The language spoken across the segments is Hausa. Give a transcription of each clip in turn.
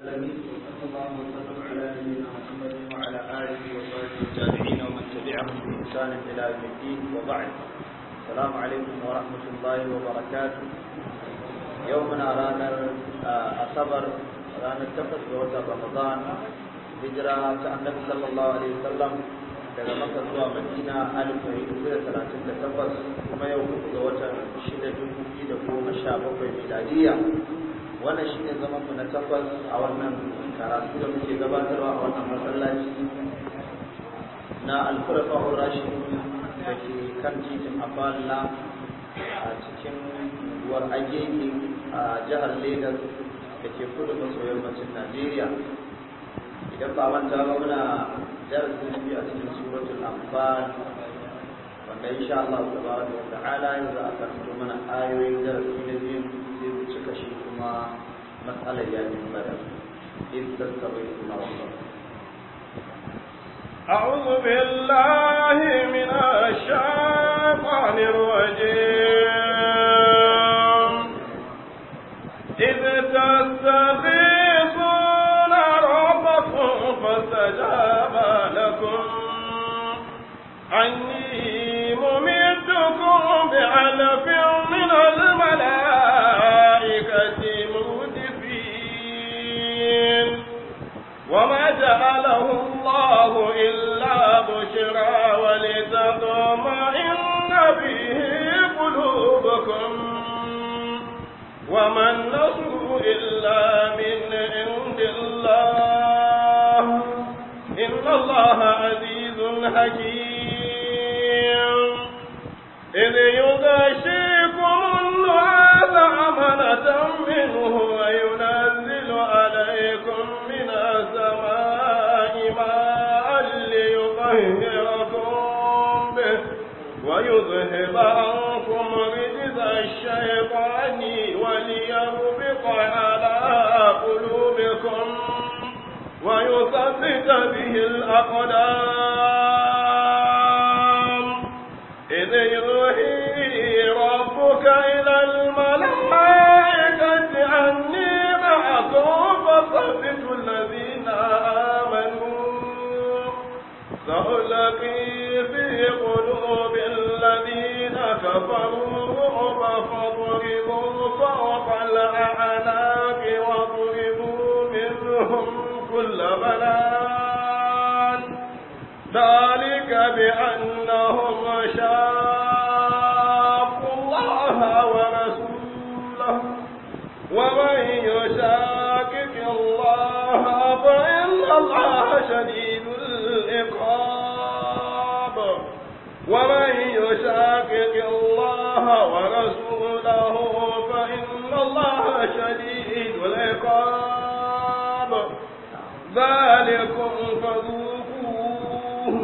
اللهم صل على نبينا محمد وعلى اله وصحبه والتابعين ومن تبعهم باحسان الى يوم الدين وبعد السلام عليكم ورحمه الله وبركاته يومنا رانا الصبر رانا التفت بوجه رمضان هجرة النبي صلى الله عليه وسلم daga maka zuwa madina alif ɗari uku da talatin da takwas kuma yau uku ga watan shida dubu biyu da goma sha bakwai miladiya wannan shi ne zaman mu na takwas a wannan karatu da muke gabatarwa a wannan masallaci na alkurafa rashi da ke kan titin aballa a cikin unguwar a jihar Legas da ke kudu maso yammacin najeriya idan ba manta ba muna darasin biyu a cikin suratul anfal wanda insha Allah tabaraka wa ta'ala yanzu a karanta mana ayoyin darasi na biyu مسألة يا من fi bada in tattabai أعوذ بالله من الشيطان الرجيم إذ تستغيثون ربكم فاستجاب لكم أني ممدكم بألف من وما جعله الله إلا بشرى ولتطمئن به قلوبكم وما النصر إلا من عند الله إن الله عزيز حكيم إذ يغشيكم النعاس أمنة منه وينزل عليكم ويذهب عنكم رجز الشيطان وليربط على قلوبكم ويثبت به الأقدام إذ يوحي ربك إلى الملائكة أني معكم فثبت الذين آمنوا سألقي في قلوب الذين كفروا الرعب فضربوا فوق الأعناق وضربوا منهم كل بنان ذلك بأنهم شاقوا الله ورسوله ومن يشاكك الله فإن الله شديد ومن يشاقق الله ورسوله فإن الله شديد العقاب ذلكم فذوقوه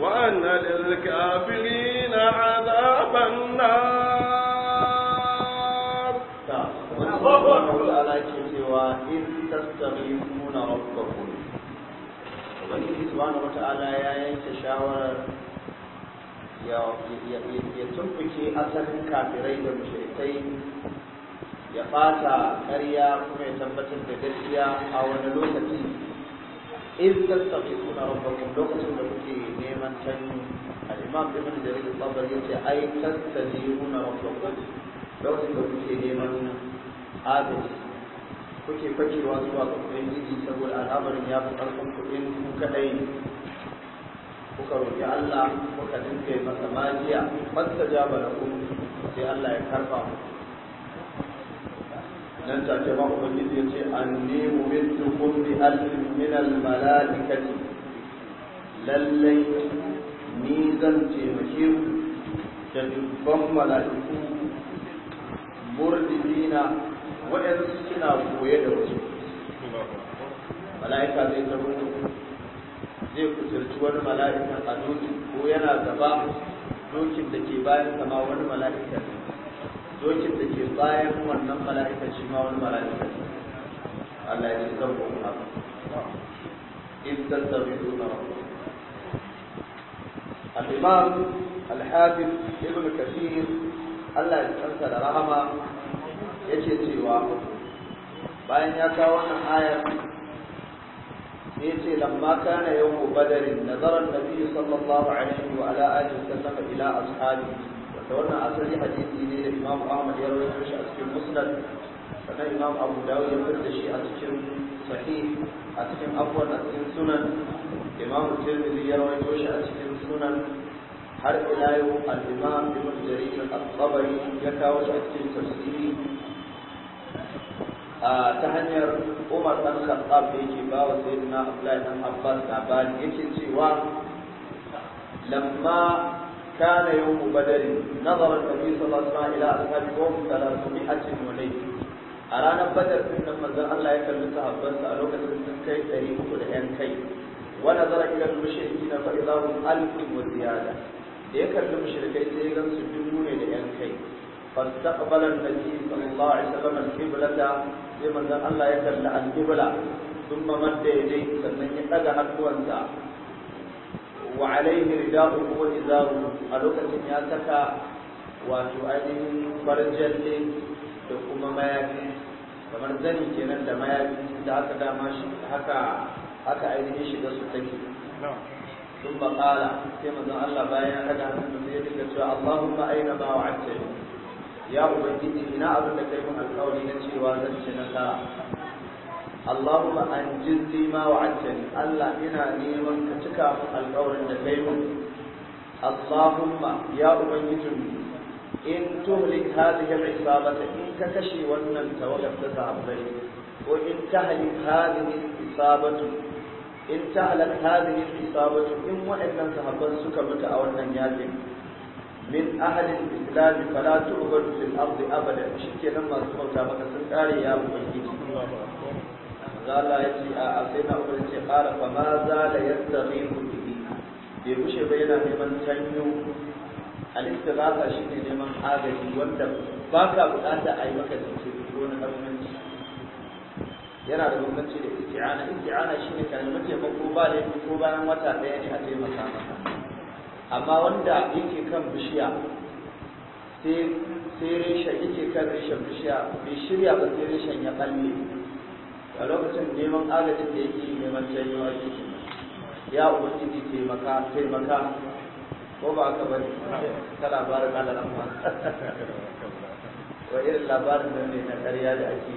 وأن للكافرين عذاب النار الله على كتوى إن تستغيثون ربكم وبني سبحانه وتعالى يا شاور ya tumbuke asalin kafirai da mushrikai ya fata ƙarya kuma ya tabbatar da gaskiya a wani lokaci iz suna rabbakum lokacin da kuke neman tanyu al-imam da rikin tsabar ya ce, ai tastaghifuna rabbakum lokacin da kuke neman agaji kuke fakewa zuwa ga ubangiji saboda al'amarin ya fi ƙarfin kuɗin ku kaɗai kuka roƙi Allah kuka dinka yi masa magiya fasta ja balakum sai Allah ya karba mu nan take ma ubangiji ya ce anni mumiddukum bi alfin min al malaikati lallai ni zan taimake ku da dubban mala'iku murdidina waɗansu suna koye da wasu mala'ika zai zama zai kusurci wani mala'ika a dokin ko yana gaba dokin da ke bayan sama wani mala'ika dokin da ke bayan wannan mala'ika shi ma wani mala'ika Allah ya san ko abu in tattabi'una al-imam al’imam hafiz ibn kathir Allah ya kansa da rahama ya ce cewa bayan ya kawo wannan ayar yace lamma kana yawmu badr nazara an-nabi sallallahu alaihi wa ala alihi wasallam ila ashabi da wannan asali hadisi ne da Imam Ahmad ya rawaito shi a cikin Musnad sannan Imam Abu Dawud ya fitar shi a cikin Sahih a cikin Afwan a cikin Sunan Imam Tirmidhi ya rawaito shi a cikin Sunan har ila yau al-Imam Ibn Jarir al-Tabari ya kawo shi a cikin Tafsiri ta hanyar Umar dan Khattab da yake ba wa Sayyidina Abdullahi dan Abbas labari yake cewa lamma كان يوم بدر نظر النبي صلى الله عليه وسلم الى اصحابهم 300 ولي ارانا بدر Allah ya kalli يكلم صحابته a lokacin sun kai 300 da yan kai wa nazara ila al-mushrikeena fa idahum alf wa ziyada da ya kalli mushrikai sai ya gansu dubu ne da yan kai فاستقبل النبي صلى الله عليه وسلم القبلة لمن الله يكل القبلة ثم مد يديه سنن يدغ حقوانسا وعليه رداؤه وإزاره ألوكة ياتكا وتؤدي فرجل da kuma mayafi kamar zani kenan da mayafi da aka dama shi haka haka ainihin shiga su take sun baƙala sai mazan Allah bayan ya ɗaga hannun sai ya aina ma wa'adta ya ubangiji ina abin da kai mun alƙawari na cewa zan ci nasara Allahumma anjilni ma wa'adtani Allah ina neman ka cika mun alƙawarin da kai mun Allahumma ya ubangiji in tuhlik hadhihi al-isabata in ka kashe wannan tawagar ta sahabbai ko in tahlik hadhihi al-isabatu in tahlak hadhihi al-isabatu in wa'annan sahabban suka mutu a wannan yakin min ahadin islam fala tu'badu fil ardi abada shikenan masu bauta maka sun kare ya ubangiji zala yace a sai na ce qala fa ma zala yastaghibu bihi bai bushe ba yana neman canyo al-istighatha shine neman agaji wanda baka bukata a yi maka da ko na karfanci yana da bambanci da isti'ana isti'ana shine kalmar taimako ba da ko bayan wata daya ne a taimaka maka amma wanda yake kan bishiya sai reshen yake kan reshen bishiya bai shirya ba sai reshen ya balle a lokacin neman agajin da yake neman janyo ake ya ubangiji taimaka taimaka ko ba aka bari ta labarin alalan ba wa irin labarin da ne na karya da ake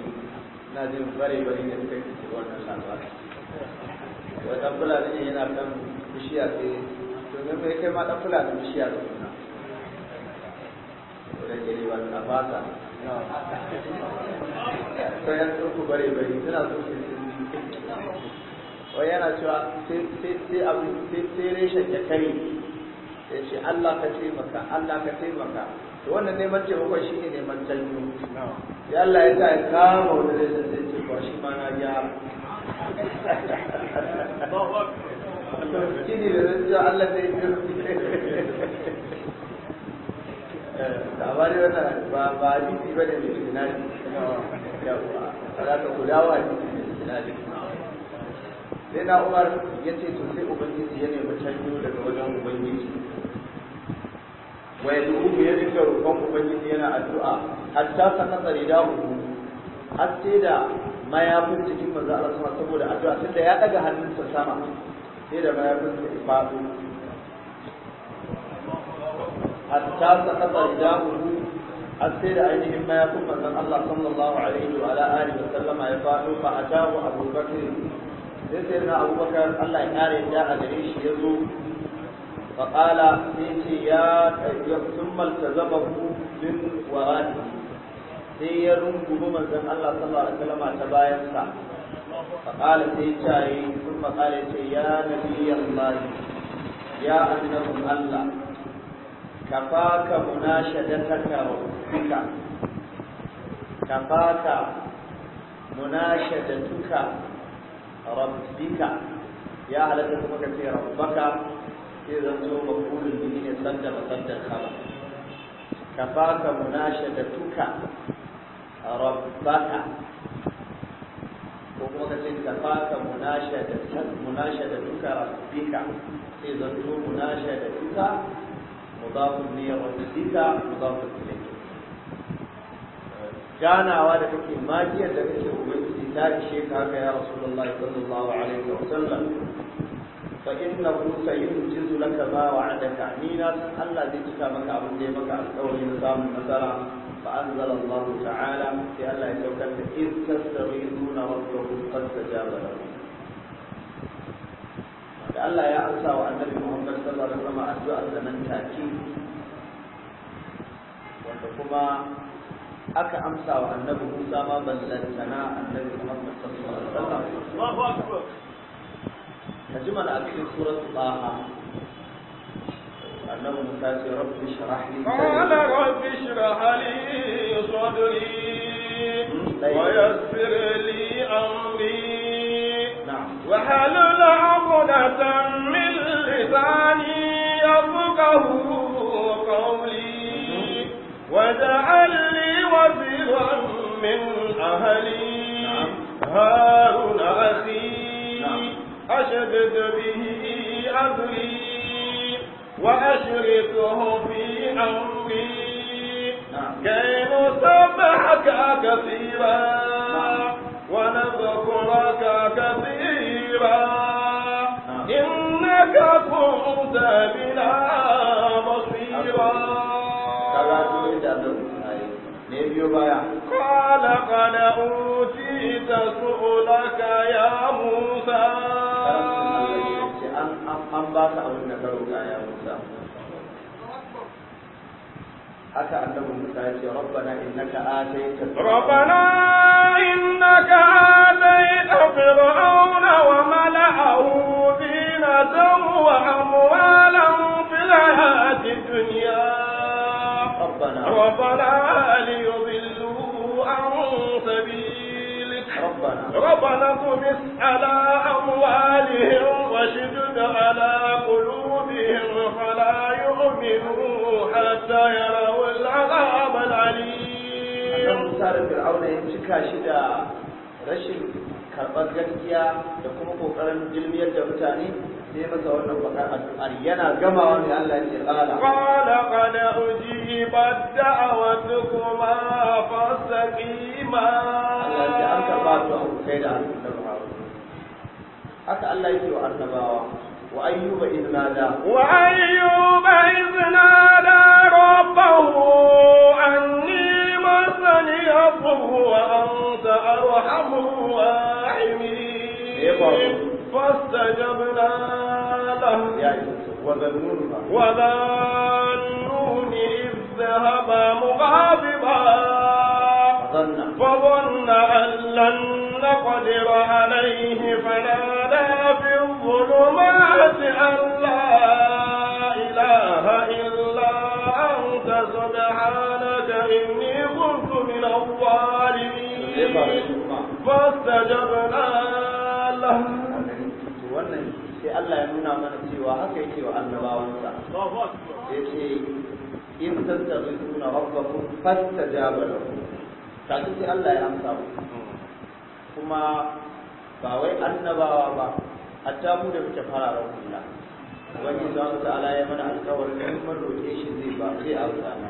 na jin bare bare da suka yi wannan labarin wata fulani ne yana kan bishiya sai domin mai kai ma ɗan fulani bishiya da kuna da gari ba ta ba ta sai ya tsurku bare suna so su wai yana cewa sai abu sai reshen ya kare ya ce Allah ka taimaka Allah ka taimaka to wannan neman taimako shi ne neman janyo ya Allah ya sa ya kama wani reshen sai ce ba shi ma na ba kini da zan Allah zai labari wannan ba ba hadisi ba ne mai yawa ne sai na umar ya ce to sai ubangiji ya nemi canjo daga wajen ubangiji wa yad'uhu ya dinga roƙon ubangiji yana addu'a hatta sanata ridahu har sai da mayafin cikin manzo Allah saboda addu'a da ya daga hannunsa sama sai da mayafin su faɗo hatta sakata da ainihin mayafin manzon Allah sallallahu alaihi wa ala sallama ya faɗo fa Abubakar, Abu Bakr sai Allah ya kare a gare shi ya zo fa qala sai ce ya sai ya Allah ta bayansa. فقال سيتاي ثم قال يا نبي الله يا أنه الله كفاك مناشدتك ربك كفاك مناشدتك ربك يا على تسمك في ربك إذا زو مقول الدين صد مصد الخبر كفاك مناشدتك ربك ko kuma ka ce da fata munasha da munasha da duka rabbika sai zanto munasha da duka mudafun ne wa duka mudafun ilayhi ganawa da kake magiyar da kake ubangiji ta ishe ka haka ya rasulullah sallallahu alaihi wa sallam fa innahu sayunjizu laka ma wa'adaka ni na Allah zai cika maka abin da ya maka alƙawarin samun nasara فأنزل الله تعالى في ألا يتوكل إذ تستغيثون ربكم قد استجاب لكم Allah ya amsa wa annabi Muhammad sallallahu alaihi wasallam addu'ar da nan take wanda kuma aka amsa wa annabi Musa ma ballantana annabi Muhammad sallallahu alaihi wasallam Allahu akbar tajmal a cikin suratul Taha أنه موسى رب اشرح لي قال رب اشرح لي صدري طيب. ويسر لي أمري نعم. وحلل عقدة من لساني يفقه قولي واجعل لي وزيرا من أهلي نعم. هارون أخي نعم. أشدد به أذري وأشركه في أمري كي نسبحك كثيرا ونذكرك كثيرا إنك كنت بنا بصيرا قال قد أوتيت سؤلك يا موسى an ba ka abin da ka roƙa ya Musa haka annabi Musa ya ce rabbana innaka ataita rabbana innaka ataita fir'auna wa mala'ahu zinatan wa amwalan fil hayati dunya ربنا ربنا ليضل ربنا طمس على أموالهم وشدد على قلوبهم فلا يؤمنوا حتى يروا العذاب العليم. أنا مسار فرعون يمسك شدا رشد karɓar gaskiya da kuma ƙoƙarin jilmiyar da mutane sai masa wannan bakar addu'ar yana gamawa mai Allah ya tsara. Qala qad ujibat da'watukuma fastaqima. Allah ya an karɓa su a kai da annabawa. Haka Allah ce wa annabawa. Wa ayyuba idh nada. Wa ayyuba idh nada rabbahu فاعفوه وأنت أرحم الراحمين إيه فاستجبنا له وذا النون إذ ذهب مغاضبا فظن أن لن نقدر عليه فنادى في الظلمات أن لا إله إلا الظالمين فاستجبنا له wannan sai Allah ya nuna mana cewa haka yake wa annabawansa yace in tastabuna rabbakum fastajaba lakum kaji sai Allah ya amsa mu kuma ba wai annabawa ba hatta mu da muke fararen kula wani zan ta'ala ya mana alƙawarin mun roƙe shi zai ba sai a rana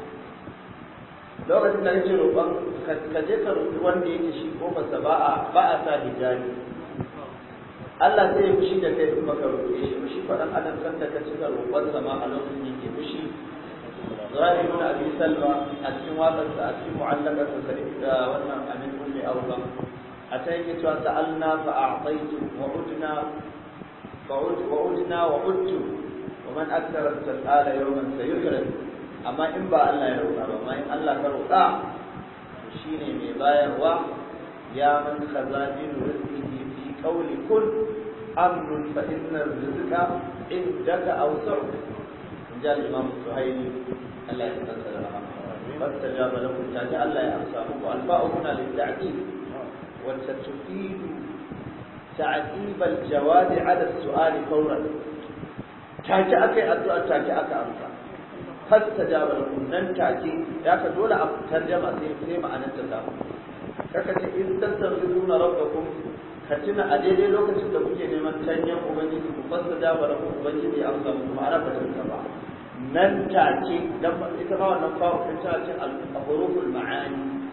lokacin da nake roƙon ka je ka roƙi wanda yake shi kofarsa ba a ba a sa hijabi Allah sai ya fushi da kai in baka roƙe shi fushi faɗan adam kan da ka cika roƙon sama a lokacin yake fushi Zahir ibn Abi Salma a cikin watsarsa a cikin mu'allakar sa da wannan Amin Ummi Auba a ta yake cewa ta'alna fa a'taitu wa udna fa udna wa udtu wa man akthara al-salala yawman sayukrad amma in ba Allah ya roƙa ba amma in Allah ka roƙa to shine mai bayarwa ya man khazaninu rizqihi fi qawli kun amrun fa inna rizqa indaka awsa'u in ja imam suhaili Allah ya tsara rahama فاستجاب لكم تاجا لا يعصاكم والباء هنا للتعقيب وستفيد تعقيب الجواب على السؤال فورا تاجا اكي ادعو تاجا aka amsa. fasta jaba nan take ya ka dole a fitar jama sai sai ma'anar ta samu kaka ce in tasarrifuna rabbakum ka tuna a daidai lokacin da kuke neman canyan ubangiji ku fasta jaba da ubangiji ya amsa muku ma'ana ba ta ba nan take dan ita ba wannan fa kun ta ce al-huruful ma'ani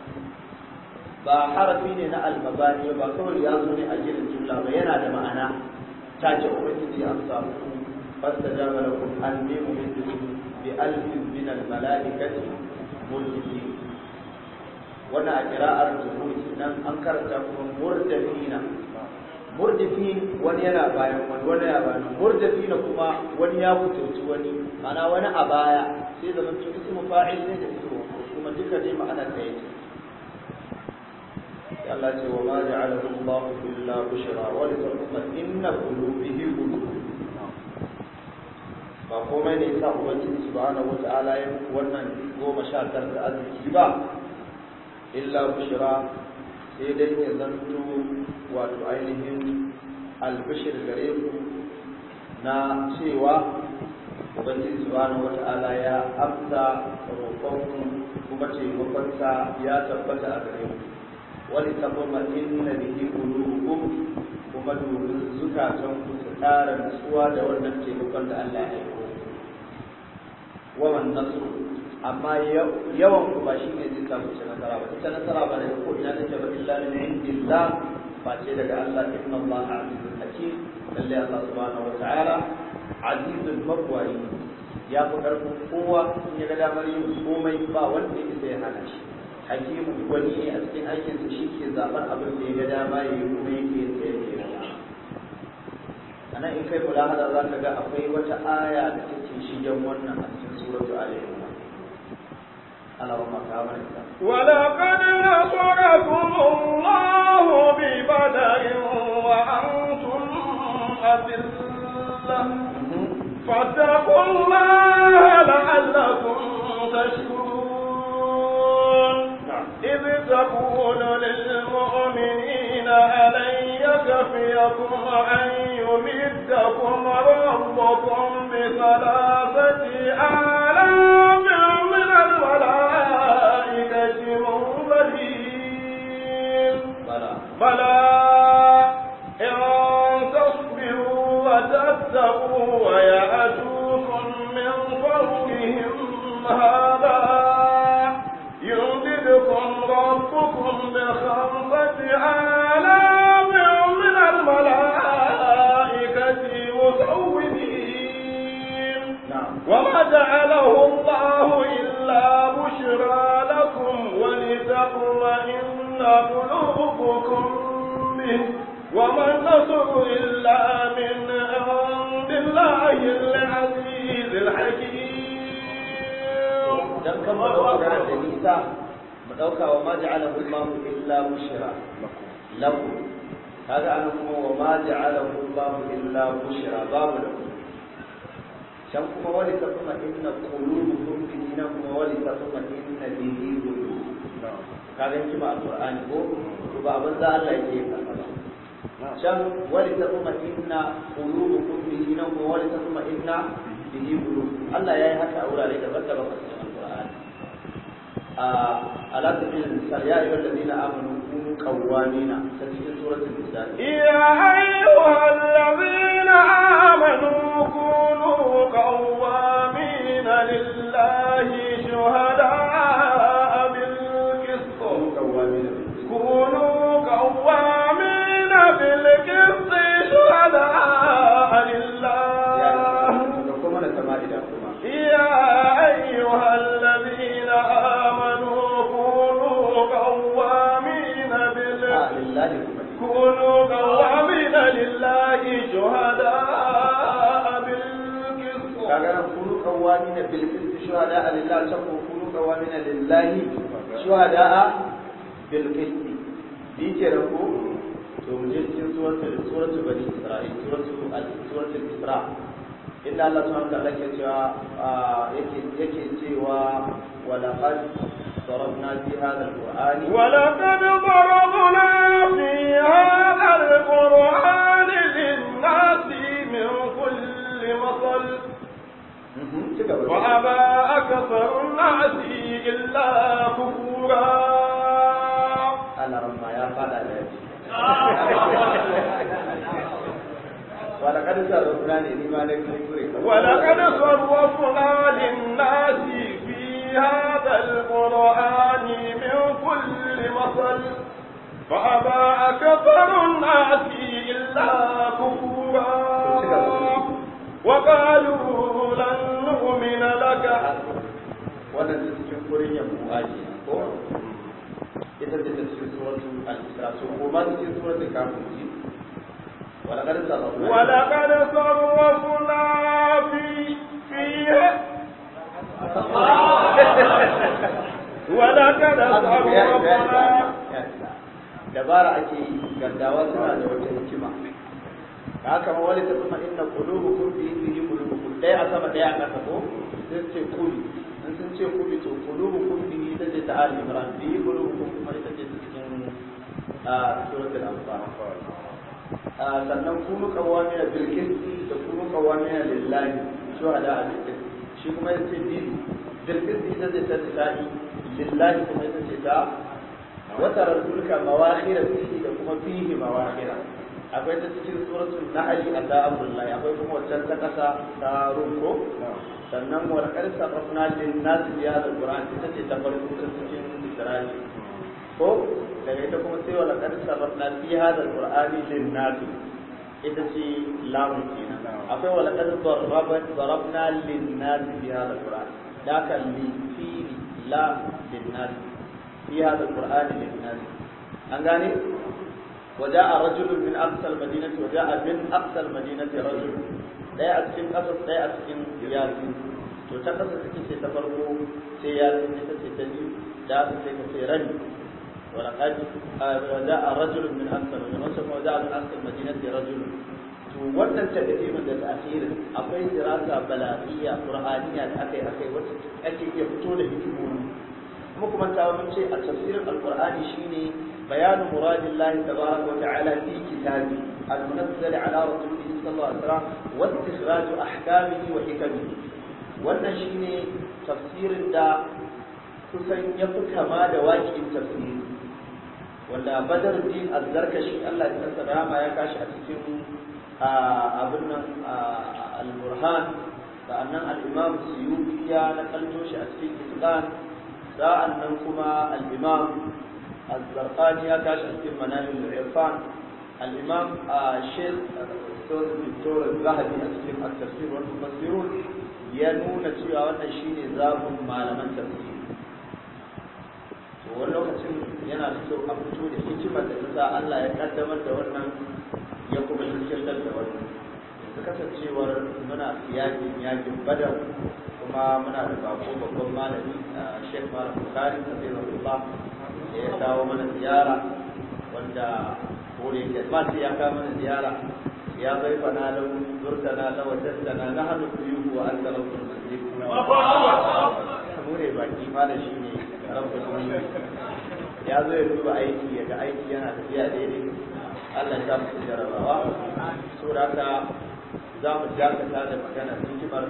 ba harafi ne na al-mabani ba kawai ya zo ne a jirin jumla ba yana da ma'ana ta ce ubangiji ya amsa muku fasta jaba an ku an nemi بألف من الملائكة ملكين وانا قراءة جمهور الإسلام أنكرت مردفين murdifin wani yana bayan wani wani yana bayan murdifina kuma wani ya kuturci wani ana wani a baya sai zaman to ismu fa'il ne da ismu kuma duka dai ma'ana ɗaya ce Allah ce wa ma ja'alahu Allahu ba komai ne yasa ubangiji subhanahu wata'ala ya wannan goma sha tar da arziki ba illa bushra sai dai ya zanto wato ainihin albishir gare ku na cewa ubangiji subhanahu wata'ala ya amsa roƙonku kuma taimakonsa ya tabbata a gare ku wani tabbama inna bihi qulubukum kuma domin zukatan ku su ƙara nutsuwa da wannan taimakon da Allah ya yi wawan nasu amma yawan ku ba shi ne zai samu ce nasara ba ita nasara ba ne, ko ina take ba illa ne illa ba ce daga Allah inna Allah azizul hakim lalle Allah subhanahu wa ta'ala azizul mabwari ya fi karfin kowa in ya ga damar yin komai ba wanda ya sai hana shi hakimu gwani ne a cikin aikin shi ke zaɓar abin da ya ga dama ya yi kuma yake sai anan in kai kula hada za ga akwai wata aya da take shigen wannan a cikin suratu ali imran ولقد نصركم الله ببدر وأنتم أذلة فاتقوا الله لعلكم تشكرون إذ تقول للمؤمنين ألن يكفيكم أن يمين يمدكم ربكم بثلاثة آلاف من الولد saboda da nisa mu ɗauka wa ma ja'alahu Allahu illa bushra lakum kaga an kuma wa ma ja'alahu Allahu illa bushra babu lakum can kuma wani ta kuma inna qulubukum fi dinakum wa wani ta kuma inna bihi kaga kima alqur'ani ko to ba abin da Allah yake faɗa ba can wani ta kuma inna qulubukum fi dinakum wa wani ta kuma inna bihi qulub Allah yayi haka a wurare daban-daban a alaƙin sarya yi wanda nina amonu kun kawwa nina ta cikin suratun nisa. Iya hayo hallabi na amonu kunu kawwa nina lillahi shuhada. كونوا قوامين لله شهداء بالقسط كان كونوا قوامين بالقسط شهداء لله شكوا كونوا قوامين لله شهداء بالقسط دي ربو to mu je cikin suratul suratul bani isra'il suratul suratul isra inda Allah subhanahu wa ta'ala yake cewa yake yake cewa wa laqad ضربنا في هذا القرآن ولقد ضربنا في هذا القرآن للناس من كل مصل وأبى أكثر الناس إلا كفورا أنا رمى يا ولقد صرفنا للإيمان ولقد صرفنا للناس في هذا القرآن من كل مصل فأبى أكثر الناس إلا كفورا وقالوا لن نؤمن لك wannan cikin wurin aji ko ita ce ta cikin suratul al-isra ko ma cikin suratul kafir ji wala kad sarrafna wala kad sarrafna fi fi wala kad sarrafna dabara ake yi gaddawa suna da wata hikima da haka ma wani tafi inna kulubu kun fi yin yi kulubu kun ɗaya a sama ɗaya a ƙasa ko sun ce kuli in sun ce kuli to kulubu kun fi yi ta ce ta ali imran fi yi kulubu kun kuma ita ce ta cikin suratul anfal sannan kawo ne a qisti da kunu kawamina lillahi shuhada a qisti shi kuma yace biyu bil qisti ita ce ta lillahi kuma ita ce ta wata rasulka mawakhira fihi da kuma fihi mawakhira akwai ta cikin suratul nahl Allah Abdullahi akwai kuma wancan ta kasa ta rumko sannan wa qad saqafna lin nas bi hadha alquran ita ce ta farko ta cikin Isra'i ko daga ita kuma sai wa qad saqafna fi hadha alqurani lin nas ita ce lamun kenan akwai wa qad darabat darabna lin nas bi hadha alquran da kan li fi la lin nas في هذا القرآن للناس أنغاني وجاء رجل من أقصى المدينة وجاء من أقصى المدينة رجل لا أسكن قصص لا أسكن ياسين to ta kasa take ce ta farko sai ya sun ita ce ta da aka sai ka sai rani wa laqad za'a rajulun min aqsal min wasu kuma za'a min aqsal madinati rajulun to wannan takdimin da ta'khirin akwai dirasa balaghiya qur'aniya da akai akai wacce ake iya fito da hikimomi muku manta mun ce a tafsirin alqur'ani shine bayanu muradillahi tabaraka wa ta'ala fi kitabi al-munazzal ala rasulihi sallallahu alaihi wasallam wa istikhraj ahkamihi wa hikamihi wannan shine tafsirin da kusan ya fi kama da waƙin tafsiri wanda badaruddin azzarkashi Allah ya tsara ya kashi a cikin abin nan al-burhan sa'annan al-imam suyuti ya nakalto shi a cikin isqan sa'an nan kuma al-imam az-zarqani ya tashi a cikin manajin irfan al-imam shaykh zahabi a cikin at-tafsir wa tafsirun ya nuna cewa wannan shine zabun malaman tafsir to wani lokacin yana da kyau a fito da hikimar da ta sa Allah ya kaddamar da wannan ya kuma shirkar da wannan kasancewar muna yakin yakin badar kuma muna da bako babban malami a sheikh malam bukari da zai zaɓuɓa da ya kawo mana ziyara wanda kore ke ma sai ya kawo mana ziyara ya bai fana da zurtana da watattana na hannu biyu wa an zara kun zuri kore baki ma da shi ne ya zo ya duba aiki ya ga aiki yana tafiya daidai Allah ya sa mu jarabawa saboda haka za mu dakata da magana hikimar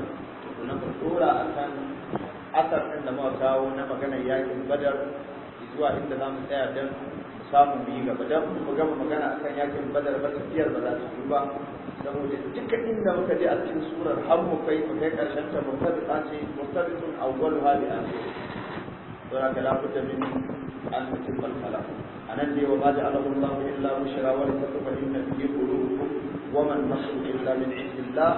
na mu dora a kan asar ɗin da muka kawo na maganar yakin badar zuwa inda za mu tsaya don samu biyu gaba don mu gama magana akan yakin badar ba fiyar ba za su yi ba saboda duka inda muka je a cikin surar har mu kai mu kai ƙarshen ta a ce sun awwalu hali a ce saboda ka lafuta min almutin balkala a nan da wa ba da alamun lahu illa mu shirawar wani ta kuma inda fiye kuru wa man masu. من عند الله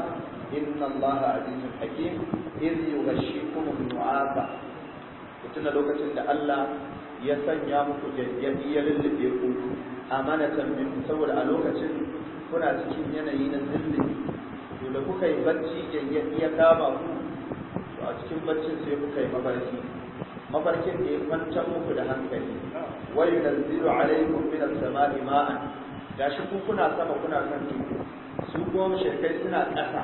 إن الله عزيز حكيم إذ يغشيكم النعاس وتنا لوكة إن الله يسن يامك جديدي للبيكو أمانة من سول ألوكة كنا تكين ينين الزل ولكوكا يبتشي جديدي ku, to a cikin baccin sai kuka yi mafarki mafarkin da ya kwantar muku da hankali wai da ziru alaikum min as-sama'i ma'an shi ku kuna sama kuna kan su kuma mushrikai suna ƙasa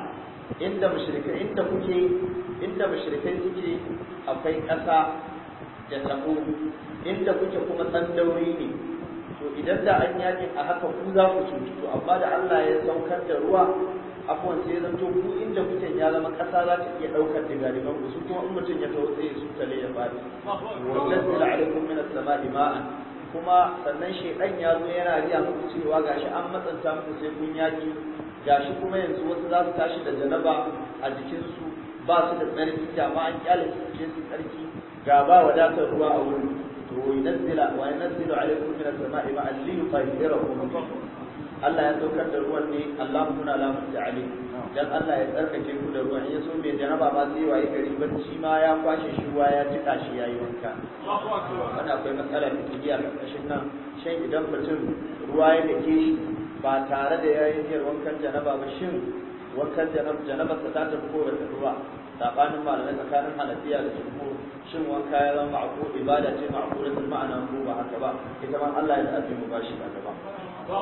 inda mashirka inda kuke inda mushrikai suke akwai ƙasa da tabo inda kuke kuma tsandauri ne to idan da an yaƙi a haka ku za ku cutu to amma da Allah ya saukar da ruwa abuwan sai zan to ku inda kuke ya zama ƙasa za ta iya ɗaukar digadigan ku su kuma in mutum ya tawo sai su tale ya faɗi wannan sila alaikum min as-sama'i ma'an kuma sannan shedan ya zo yana riya muku cewa gashi an matsanta muku sai kun yaki gashi kuma yanzu wasu za su tashi da janaba a jikinsu ba su da tsarki dama an kyale su je su tsarki ga ba wadatar ruwa a wurin to yunazzila wa yunazzilu alaykum min as-sama'i ma'an li yutahhirakum Allah ya saukar da ruwan ne Allah kuna la musta'ali dan Allah ya tsarkake ku da ruwan ya so mai janaba ba sai wayi gari Shi ma ya kwashe shi ruwa ya jika shi yayi wanka wannan akwai matsala ta kiyar kashin nan shan idan mutum ruwa ya dake shi ba tare da yayin niyyar wankan janaba ba shin wankan janaba ta ta tafi ko ba ta ruwa sabanin malamai tsakanin halafiya da jumhur shin wanka ya zama ma'qul ibada ce da ma'ana ko ba haka ba ita ma Allah ya tafi mu bashi a gaba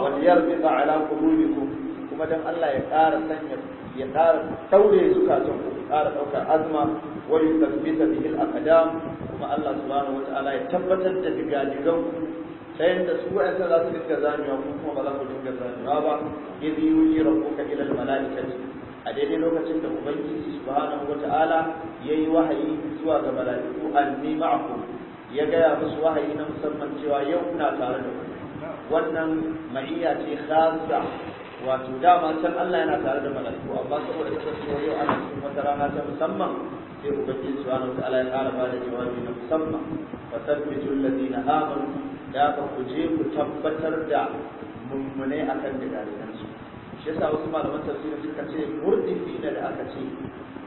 wal yarbi ala qulubikum kuma dan Allah ya ƙara sanya ya ƙara taure zukatan ku ƙara ɗaukar azma wa yuthabbita bihi al-aqdam kuma Allah subhanahu wa ta'ala ya tabbatar da digadigan ku ta da su wa'ansa za su dinga zamewa ko kuma ba za ku dinga zamewa ba idh yuhi rabbuka ila al-mala'ikati a daidai lokacin da su ubangiji subhanahu ya yi wahayi zuwa ga mala'iku a ma'akum ya gaya musu wahayi na musamman cewa yau ina tare da ku wannan maiya ce khassa wato dama can Allah yana tare da mala'iku amma saboda kasancewar yau ana cikin wata rana ta musamman sai su ubangiji subhanahu wata'ala ya ƙara ba da jawabi na musamman fasabbitu alladhina amanu da ba ku je ku tabbatar da mummune akan gidajensu shi yasa wasu malaman tafsirin suka ce murdifina da aka ce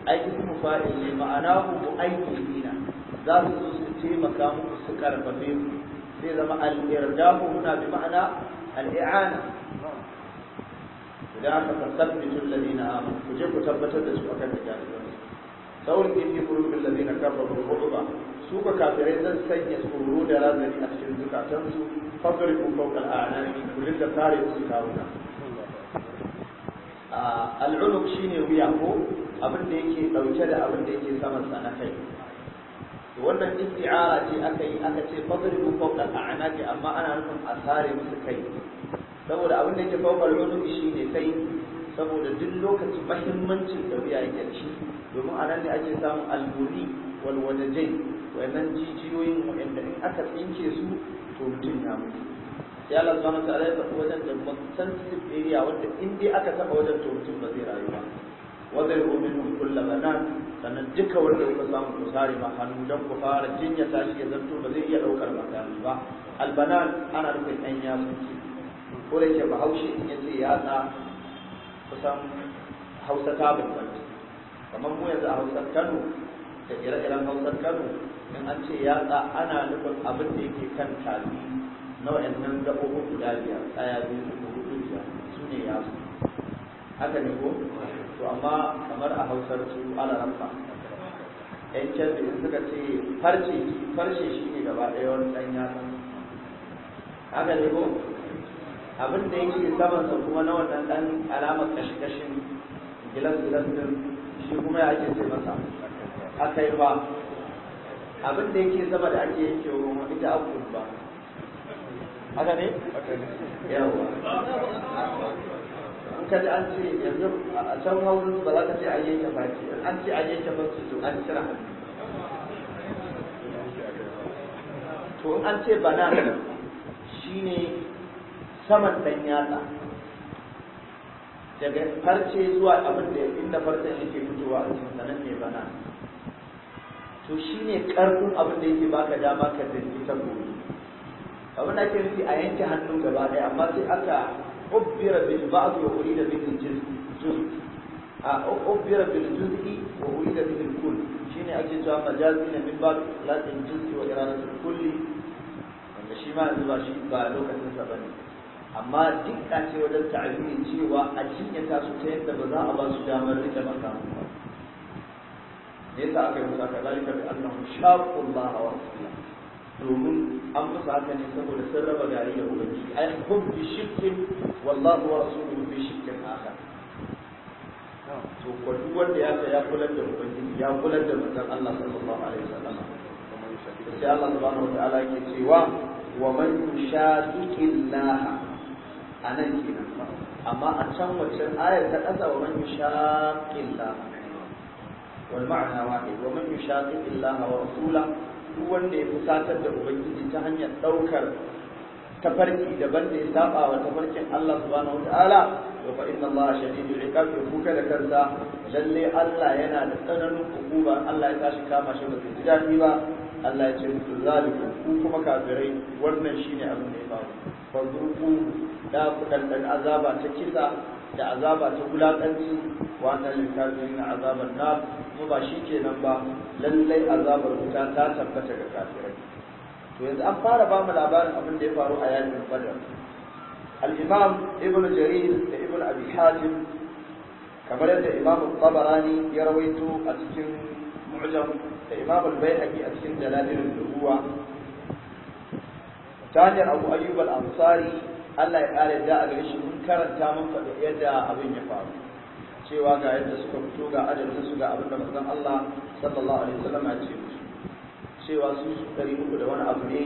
Aiki kuma fa'il ne ma'ana aiki dina za su zo su taimaka muku su karfafe ku zai zama al-irdafu muna bi ma'ana al-i'ana idan aka fasabbitu alladhina amanu ku je ku tabbatar da su akan sauri saurin fi qulubil ladina kafaru ba. su ka kafirai zan sanya tsoro da razani a cikin zukatansu fadar ku a al'anami ku da sare su kawuna al'uluk ne wuya ko abin da yake dauke da abin da yake saman sa na kai wannan isti'ara ce aka yi aka ce fadar ku a al'anami amma ana nufin a sare musu kai saboda abin da yake fawqa al'uluk ne kai saboda duk lokacin mahimmancin da wuya yake ci domin a nan ne ake samun alburi walwadajai wannan jijiyoyin wa'anda in aka tsinke su to mutum ya mutu sai Allah subhanahu ta'ala ya tafi wajen da sensitive area wanda in dai aka taba wajen to mutum ba zai rayu ba wajen umminu kullu banan sannan duka wanda ya samu kusari ba, hannu dan ku fara jinya tashi ya zanto ba zai iya daukar makami ba albanan ana rufe ɗan yatsu ko da yake bahaushe in yace yatsa kusan hausa ta bambanta kamar mu yanzu a hausar kano da ire-iren hausar kano in an ce yatsa ana nufin abin da yake kan tafi na wa'annan gaɓoɓin guda biyar tsaya biyu kuma hudu biyar su ne ya su haka ne ko to amma kamar a hausar su rafa yan canji in suka ce farce farce shi ne gaba ɗaya wani ɗan yatsa haka ne ko abin da yake saman sa kuma na wannan ɗan alamar kashe-kashen gilas-gilas din shi kuma ya ake ce masa aka yi ba abin da yake zama da ake yanke ruwan wani da abu ba haka ne yawa an kaji an ce yanzu a can haurin ba za ka ce an yanke ce an ce an yanke ba to an cira to an ce bana ne saman dan yatsa daga farce zuwa abin da inda farce yake fitowa a cikin sanan ne bana to ne karfin abin da yake baka dama ka zargi ta gobe abin da ake nufi a yanke hannu gaba ɗaya amma sai aka ubbira bil ba'd wa urida bil jins a ubbira bil juz'i wa urida bil kull shine ake cewa majazi na min ba'd latin juz'i wa iradatul kulli wanda shi ma yanzu ba shi ba lokacin sa bane amma duk ce wajen ta'ayyunin cewa a jinyata su ta yadda ba za a ba su damar rike makamu ba da aka yi musu haka zalika bi annahum shaqqu Allah wa rasulahu domin an musu haka ne saboda sun raba gari da ubangiji ai hum bi shirkin wallahu wa rasuluhu bi shirkin akhar to ko duk wanda ya ya kula da ubangiji ya kula da manzon Allah sallallahu alaihi wasallam sai Allah subhanahu wa ta'ala yake cewa wa man yushaqiqillaha anan kenan amma a can waccan ayar ta kasa wa man yushaqiqillaha والمعنى واحد ومن يشاقق الله ورسوله duk wanda ya satar da ubangiji ta hanyar daukar tafarki daban da ya saba wa tafarkin Allah subhanahu wataala to fa inna Allah shadidul iqab ya kuka da kansa Lallai Allah yana da tsananin hukuma Allah ya tashi kama shi ba ji dadi ba Allah ya ce musu zaliku ku kuma kafirai wannan shine abin da ya faru fa zurku da ku dan azaba ta kisa da azaba ta wulaƙanci wa annal kafirina azaban nar kuma ba shi kenan ba lallai azabar wuta ta tabbata ga kafirai to yanzu an fara ba mu labarin abin da ya faru a yakin badar al-imam ibn jarir da ibn abi hatim kamar yadda imam tabarani ya rawaito a cikin mu'jam da imam al-baihaqi a cikin dalalil nubuwa ta hanyar abu ayyub al-ansari Allah ya kare da a gare shi mun karanta mun faɗi yadda abin ya faru cewa ga yadda suka fito ga adadin su ga abin da manzon Allah sallallahu alaihi wasallam ya ce musu cewa su su ɗari uku da wani abu ne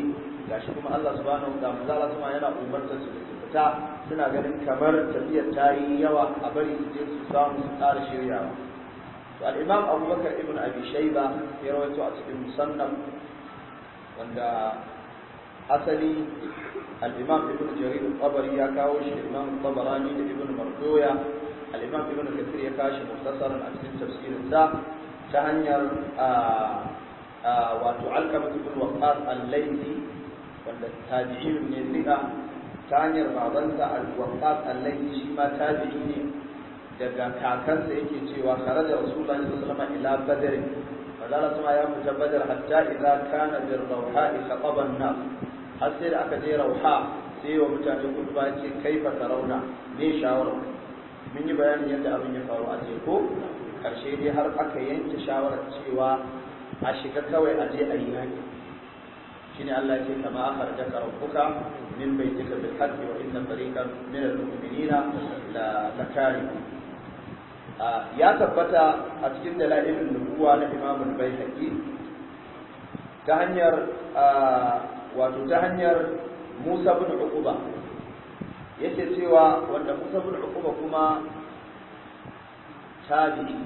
gashi kuma Allah subhanahu wa ta'ala kuma yana umartar su da fita suna ganin kamar tafiyar ta yi yawa a bari su je su samu su ƙara shiryawa to al-imam abubakar ibn abi shayba ya rawaito a cikin musannaf wanda asali الإمام ابن جرير الطبري يكاوش الإمام الطبراني لابن مردويا الإمام ابن كثير يكاش مختصرا أكثر تفسير الزا تهنير آه، آه، وتعلق بكل وقات الليلي والتابعين من الرئة تهنير بعض أنت الوقات الليلي شما تابعين جدا كاكن سيكي جي وخرج رسول الله صلى الله عليه وسلم إلى بدر فلا لسما يا مجبدر حتى إذا كان بالروحاء خطب الناس har sai da aka je rauha sai wa mutane kudu ba ce kai fa rauna ne shawara mun yi bayanin yadda abin ya faru a teku karshe dai har aka yanke shawarar cewa a shiga kawai a je a yi shi ne Allah ya ce kama akhrajaka rukuka? min bai jika bil haɗi wa inda fariqan min al mu'minina la ya tabbata a cikin dalailin nubuwa na Imam al-Baihaqi ta hanyar wato ta hanyar Musa bin Uquba yace cewa wanda Musa bin Uquba kuma tabi'i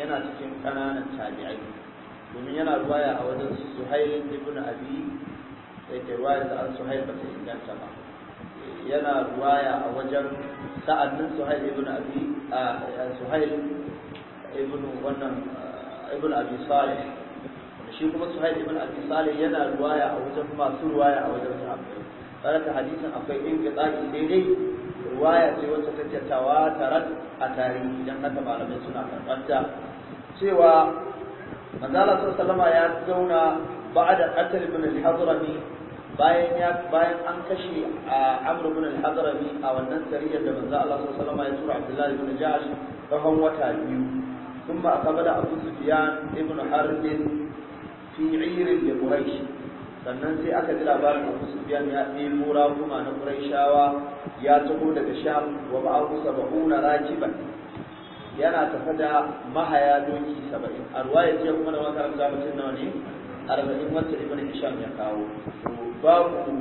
yana cikin ƙananan tabi'ai domin yana ruwaya a wajen Suhail ibn Abi sai ke ruwaya da an Suhail ba ta inganta ba yana ruwaya a wajen sa'annin Suhail ibn Abi Suhail ibn wannan ibn Abi Salih shi kuma su haifi ibn abi salih yana ruwaya a wajen masu ruwaya a wajen sahabbai sarata hadisin akwai inqita'i sai daidai, ruwaya ce wacce take tawatarat a tarihi dan haka malamai suna karɓar cewa manzala sallama ya zauna ba'da qatl ibn al-hadrami bayan ya bayan an kashe Amr ibn al-Hadrami a wannan sariyar da manzo Allah sallallahu alaihi ya tura Abdullah ibn Ja'sh tsawon wata biyu kuma akaba da Abu Sufyan ibn Harb fi irin da quraish sannan sai aka ji labarin Abu biyan ya ɗebo raguma na shawa ya taho daga Sham wa ba'u sab'una ba. yana tafe da mahaya doki 70 arwaya ce kuma da makaranta mutum nawa ne 40 wacce Ibn Hisham ya kawo babu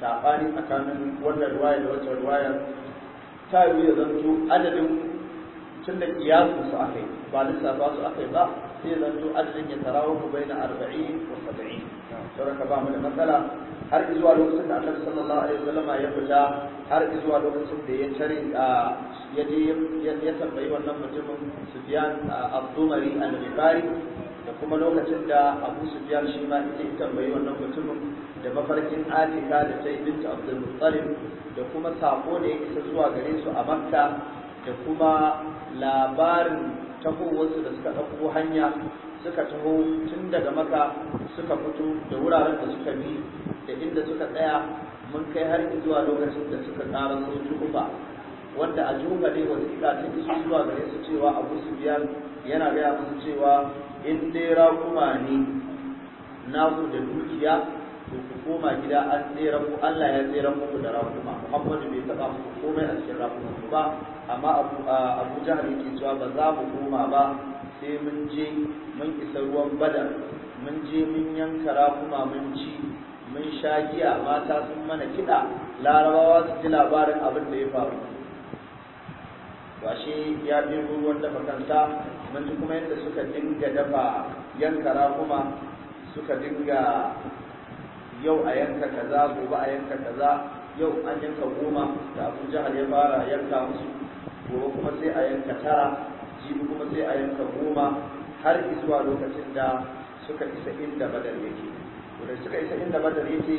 sabani tsakanin wannan ruwaya da wata ruwaya ta yi ya zanto adadin tunda kiyasun su akai ba lissafa su akai ba sai zan to adadin ya ku bai na arba'in ko wa sauran ka ba mu da matsala har zuwa lokacin da Annabi sallallahu alaihi wasallama ya fita har zuwa lokacin da ya tare ya je ya tambayi wannan mutumin Sufyan Abdumari al-Bukhari da kuma lokacin da Abu Sufyan shi ma ya tambayi wannan mutumin da mafarkin Atika da ta yi binta Abdul da kuma sako da ya isa zuwa gare su a Makka da kuma labarin tahowarsu da suka ɗauko hanya suka taho tun daga maka suka fito da wuraren da suka bi da inda suka tsaya mun kai har zuwa lokacin da suka ƙara su juhuba wanda a juka ne wasiƙa ta isu zuwa gare su cewa abu su biyar yana gaya musu cewa in dai raƙuma ne ku da dukiya to ku koma gida an tsere ku Allah ya tsere muku da raƙuma Muhammadu bai taɓa muku komai a cikin raƙuma ba amma abu jahar yake cewa ba za mu koma ba sai mun je mun isa ruwan badar mun je mun yanka kuma mun ci mun sha giya mata sun mana kiɗa larabawa su ji labarin abin da ya faru washe ya bi ruwan dafa kanta mun ji kuma yadda suka dinga dafa yanka kuma suka dinga yau a yanka kaza gobe a yanka kaza yau an yanka goma da abu jahar ya fara yanka musu gobe kuma sai a yanka tara jibi kuma sai a yanka goma har zuwa lokacin da suka isa inda badar yake wanda suka isa inda badar yake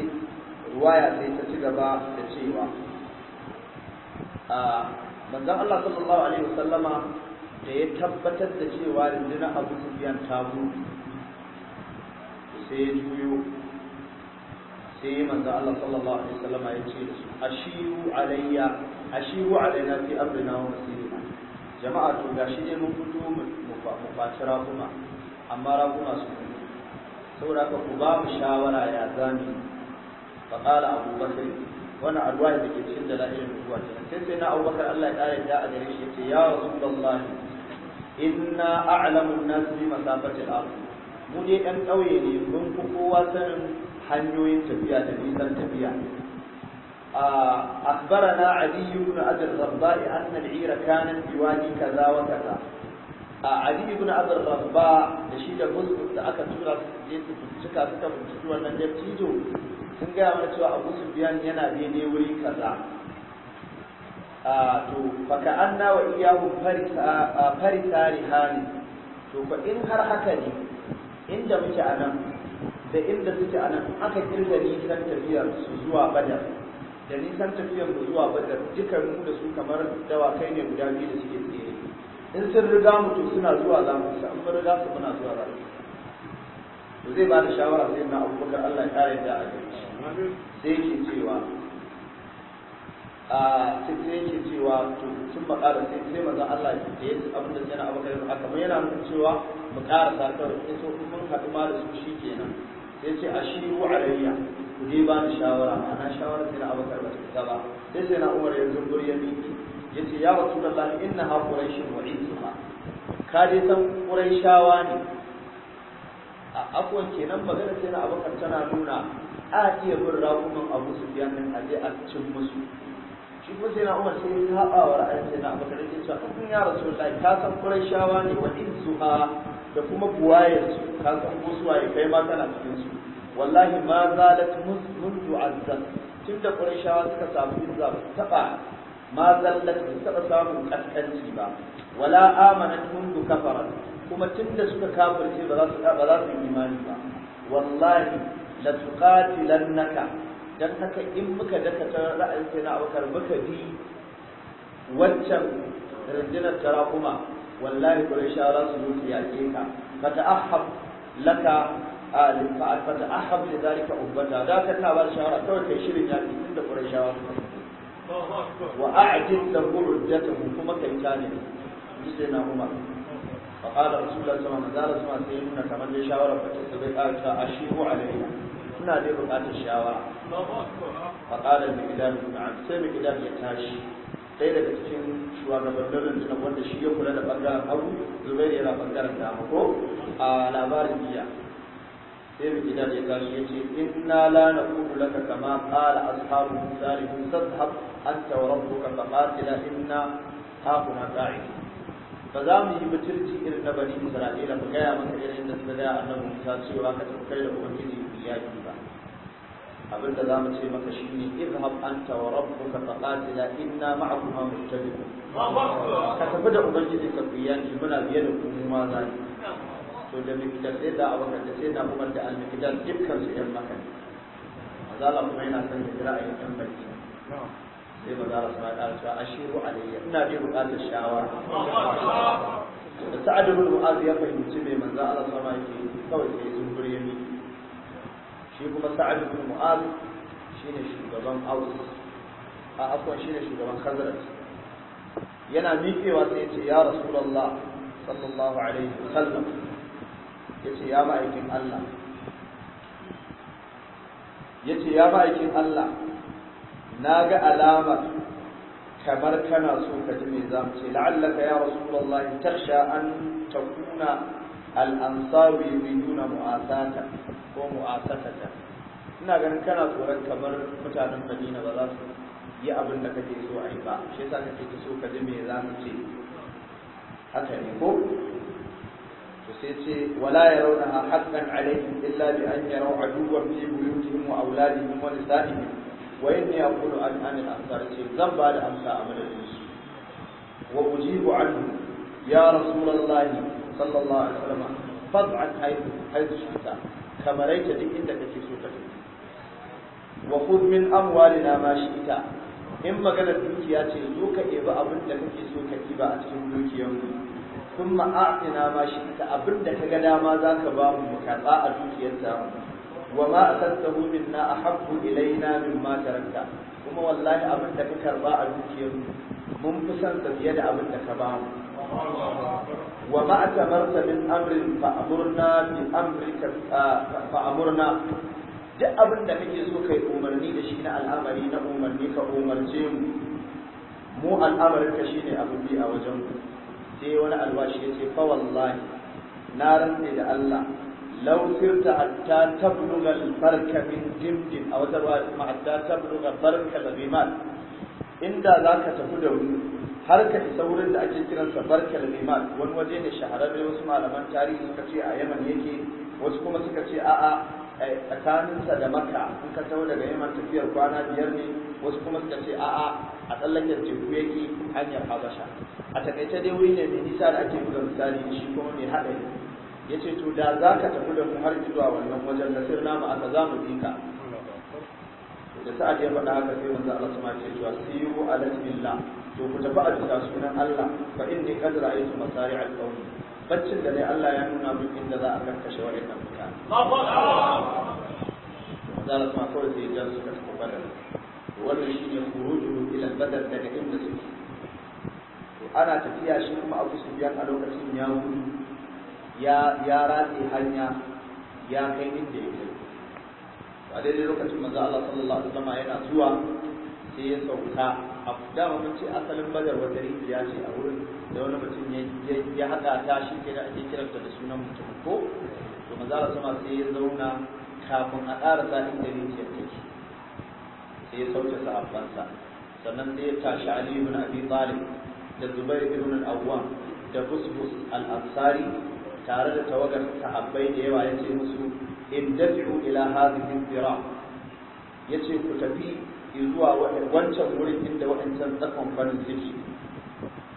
ruwaya sai ta ci gaba da cewa a manzan Allah sallallahu alaihi wasallama da ya tabbatar da cewa rinjina Abu su biyan tabu sai ya juyo sai manzan Allah sallallahu alaihi wasallama ya ce da su ashiru alayya ashiru alaina fi amrina wa masirina jama'a to shi ne mun fito mu faci kuma, amma raguma su fito saboda haka ku ba mu shawara ya zami fa qala abu bakr wannan arwahi da ke cikin dalailin nubuwa kenan sai sai na abubakar Allah ya kare da a gare shi yace ya rasulullahi inna a'lamu an-nas bi masafati al-ard mu ne dan kauye ne mun fi kowa sanin hanyoyin tafiya da nisan tafiya أخبرنا علي بن أبي الرباء أن العير كانت بوادي كذا وكذا علي بن أبي الرباء لشيد مسلم تأكد سورة جيت تشكى سكة من سورة نجيب تيجو سنجا من سوى أبو سبيان ينا بيني ولي كذا to faka anna wa iyahu farisa rihani to fa in har haka ne inda muke a nan da inda suke a aka kirga nisan tafiyar su zuwa badar da nisan tafiyar mu zuwa badar dukan mu da su kamar dawakai ne guda biyu da suke tsere in sun riga mutum suna zuwa za mu sa an riga su muna zuwa za mu to zai ba da shawara sai na abubakar Allah ya kare da a sai yake cewa a ah, sai yake cewa to sun makara sai sai manzon Allah da yake abin da yana abakar a kamar yana nuna cewa mu ƙara sa in so mun haɗu ma da su shikenan sai ce ashiru alayya ku je ba ni shawara ma'ana shawara sai na abakar ba su ba sai sai na umar yanzu guri ya miki ya ce ya rasu da lafi inna ha ƙuraishin wa izuha ka je san ƙuraishawa ne a akwai kenan magana sai na abakar tana nuna a iya bin rakuman abu su biya min aje a cin musu shi kuma sai na umar sai ya saba wa ra'ayin sai na abakar ya ce kun ya rasu da ka san ƙuraishawa ne wa izuha da kuma buwayarsu ka san ko suwaye kai ma kana cikinsu wallahi ma zalat mundu azzat tunda ƙurashawa suka samu izza ba taba ma zallat ba taba samun kaskanci ba wala amanat mundu kafarat kuma tunda suka kafirce ba za su ba za su imani ba wallahi la tuqatilannaka dan haka in muka daka ta ra'ayin sai na abakar muka bi waccan rundunar tara kuma wallahi ƙurashawa za su zo su yaƙe ka fata'ahab laka فتأحب لذلك أمبنا لا تتابع الشهر أتوى كيشير يعني عند قريشا وأعجب له ردته كما كيتاني مثلنا عمر فقال رسول الله صلى الله عليه وسلم سيئنا كما دي شاورة فتسبق أرسى أشيه عليه هنا دي بقات الشاورة فقال المقدام بن عبد سيب المقدام يتاشي ɗaya daga شو shugabannin rundunar wanda shi شيء يقول da بقدر hagu زبير yana بقدر dama ko a labarin sai mu gida ya tashi yace inna la naqulu laka kama qala ashabu salih tadhhab anta wa rabbuka faqatila inna haquna qa'id ba za mu yi mutunci irin na bani isra'ila mu gaya maka irin da suka gaya annabi musa cewa ka tafi kai da ubangiji iyaki ba abin da za mu ce maka shi ne izhab anta wa rabbuka faqatila inna ma'akuma muttabiqun ka tafi da ubangiji ka biya muna biye da kuma mu ma zai to da mikitar sai da abokan da sai da umar da almikitar dukkan su yan maka ne azala kuma yana son da jira a yi yan baki sai ba za a sama da cewa ashiru alayya ina jin bukatar shawara da sa'ad ibn mu'az ya fahimci mai manzo Allah sama yake kawai sai sun gure ni shi kuma sa'ad ibn mu'az shine shugaban aus a afwan shine shugaban khazraj yana miƙewa sai ya ce ya rasulullah sallallahu alaihi wasallam ya ce ya ma'aikin Allah ya ce ya Allah na ga alamar kamar kana so ka ji mai mu ce la'allaka ya rasulullah tarsha an takuna al-ansaru yuriduna mu'asata ko mu'asatata ina ganin kana tsoron kamar mutanen Madina ba za su yi abin da kake so a yi ba shi yasa kake so ka ji me za mu ce haka ne ko sai ce wala yarawnaha haqqan alaihim illa bi an yi yaraw aduwwan fi buyutihim wa auladihim wa nisa'ihim wa inni aqulu an an al-ansar ce zan ba da amsa a madadin su wa ujibu anhu ya rasulullahi sallallahu alaihi wasallam fad'an haythu haythu shi'ta kamarai ta duk inda kake so ka tafi wa khudh min amwalina ma shi'ta in maganar dukiya ce zo ka ɗebi abin da kake so ka ɗiba a cikin mu. sun ma'a'ina ma shi ta abin da ka ga dama za ka ba mu karɓa a dukiyarta wa ma a tattahu minna a habbu ilaina min ma kuma wallahi abin da ka karɓa a dukiyar mun fi sa fiye da abin da ka ba mu wa ma atamarta min amrin fa'amurna fa'amurna duk abin da so kai umarni da shi na al'amari na ka umarce mu mu al'amarin shine abin biyu a wajen mu sai wani alwashi ya ce fa wallahi na rantse da Allah laufir firta hatta tabluga albarka min dimdim aw tarwa kuma hatta tabluga barka al-rimal inda zaka tafi da wuri har ka isa wurin da ake kiransa barka al-rimal wani waje ne shahararre wasu malaman tarihi suka ce a Yaman yake wasu kuma suka ce a'a tsakaninsa da maka in ka taho daga yaman tafiyar kwana biyar ne wasu kuma suka ce a'a a tsallakar teku yake hanyar habasha a takaice dai wuri ne mai nisa da ake buga misali shi kuma mai ne ya ce to da za ka tafi da mu har zuwa wannan wajen na sirna mu aka za mu bi ka da sa'ad ya faɗa haka sai manzo Allah sama ce cewa siyu ala billah to ku tafi a bisa sunan Allah fa inni qad ra'aytu masari' al-qawm baccin da ne Allah ya nuna min inda za a karkashe wa'annan mutane Allahu akbar manzo Allah kawai sai ya su ka tafi wannan shi ne kuruju ila badar daga inda suke ana tafiya shi kuma abu biyan a lokacin ya gudu ya ya hanya ya kai inda ya kai a daidai lokacin manzo Allah sallallahu alaihi wasallam yana zuwa sai ya sauka a dama mun ce asalin badar wata rijiya ce a wurin da wani mutum ya haɗa ta shi ke da ake kiranta da sunan mutum ko to manzo Allah sama sai ya zauna kafin a ƙara sa inda rijiyar take sai ya sauke sahabbansa sannan sai ya tashi Ali ibn Abi Talib da Zubair ibn al-Awwam da Busbus al-Ansari tare da tawagar sahabbai da yawa ya ce musu in indafi'u ila hadhihi al-dira yace ku tafi zuwa wancan wurin inda waɗancan tsakon farin suke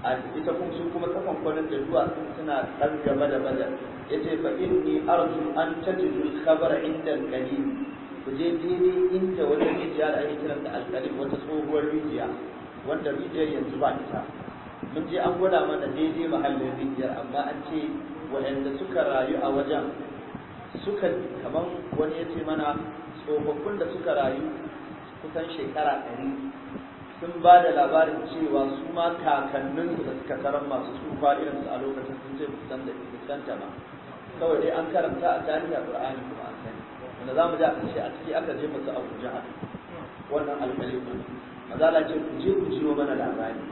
a ita kun su kuma tsakon farin da zuwa sun suna ɗan gaba da bada yace fa inni arju an tajidu al-khabara inda al-qalil ku je dini inda wanda rijiya da ake kiranta alƙalin wata tsohuwar rijiya wanda rijiyar yanzu ba ita mun je an gwada mana daidai mahallin rijiyar amma an ce waɗanda suka rayu a wajen suka kamar wani ya ce mana tsofaffin da suka rayu kusan shekara ɗari sun ba da labarin cewa su ma kakannin da suka tarar masu tsufa irin su a lokacin sun ce san da fuskanta ba kawai dai an karanta a tarihi a ƙur'ani kuma an sani wanda za mu ji a ƙarshe a ciki aka je masu abu jihar wannan alƙalima mazala ce ku je ku jiwo mana labari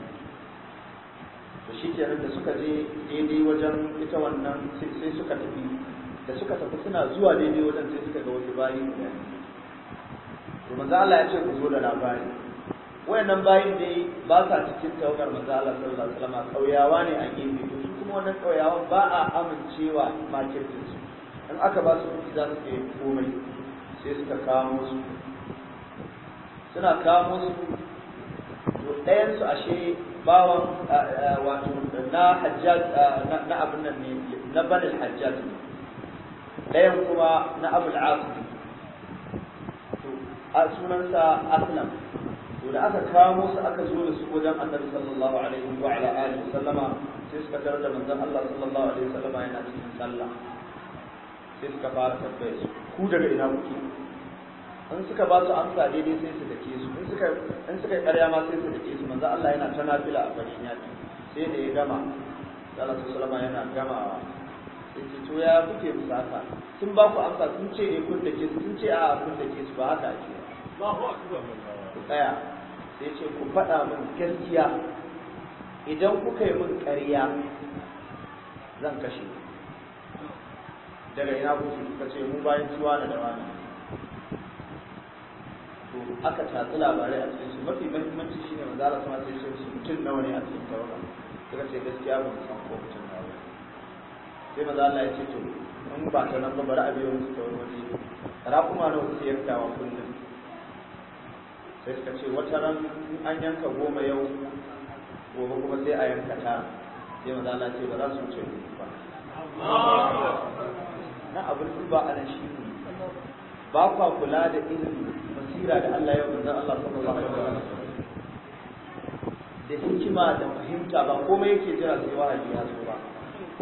to shi ke da suka je daidai wajen ita wannan sai suka tafi da suka tafi suna zuwa daidai wajen sai suka ga wasu bayi guda to manzo Allah ya ce ku zo da labari wayannan bayin dai ba sa cikin tawagar manzo Allah sallallahu alaihi wasallam kauyawa ne a gefe to su kuma wannan kauyawan ba a amincewa makircin su in aka ba su kuɗi za su ke komai sai suka kamo su suna kamo su to ɗayansu ashe bawan wato na hajjaj na abin nan ne na banil hajjaj ne ɗayan kuma na abul asu to a sunansa aslam to da aka kamo su aka zo da su wajen annabi sallallahu alaihi wa ala alihi sallama sai suka tarar da manzon Allah sallallahu alaihi sallama yana cikin sallah sai suka fara tambayar su ku daga ina kuke in suka ba su amsa daidai sai su dake su in suka in suka karya ma sai su dake su manzo Allah yana ta nafila a bakin yaki sai da ya gama sallallahu alaihi wasallam yana gamawa sai ce to ya kuke musu sun ba ku amsa sun ce eh kun dake su sun ce a kun dake su ba haka ake ba ba. ku tsaya sai ce ku faɗa min gaskiya idan kuka yi min ƙarya zan kashe ku daga ina kuke suka ce mu bayan ciwa da ne? to aka tatsi labarai a cikin su mafi mahimmanci shine maza Allah kuma sai shi mutum nawa ne a cikin tawaga suka ce gaskiya ba mu san ko mutum nawa ba sai maza Allah ya ce to in ba ta nan ba bari a biyo musu ta wani waje kuma nawa kuke yankawa kullum sai suka ce wata ran in an yanka goma yau gobe kuma sai a yanka ta sai maza Allah ya ce ba za su wuce ba na abin duba a nan shi ne ba kwa kula da ilimi basira da Allah ya manzon Allah sallallahu alaihi wasallam da hikima da fahimta ba komai yake jira sai wahayi ya zo ba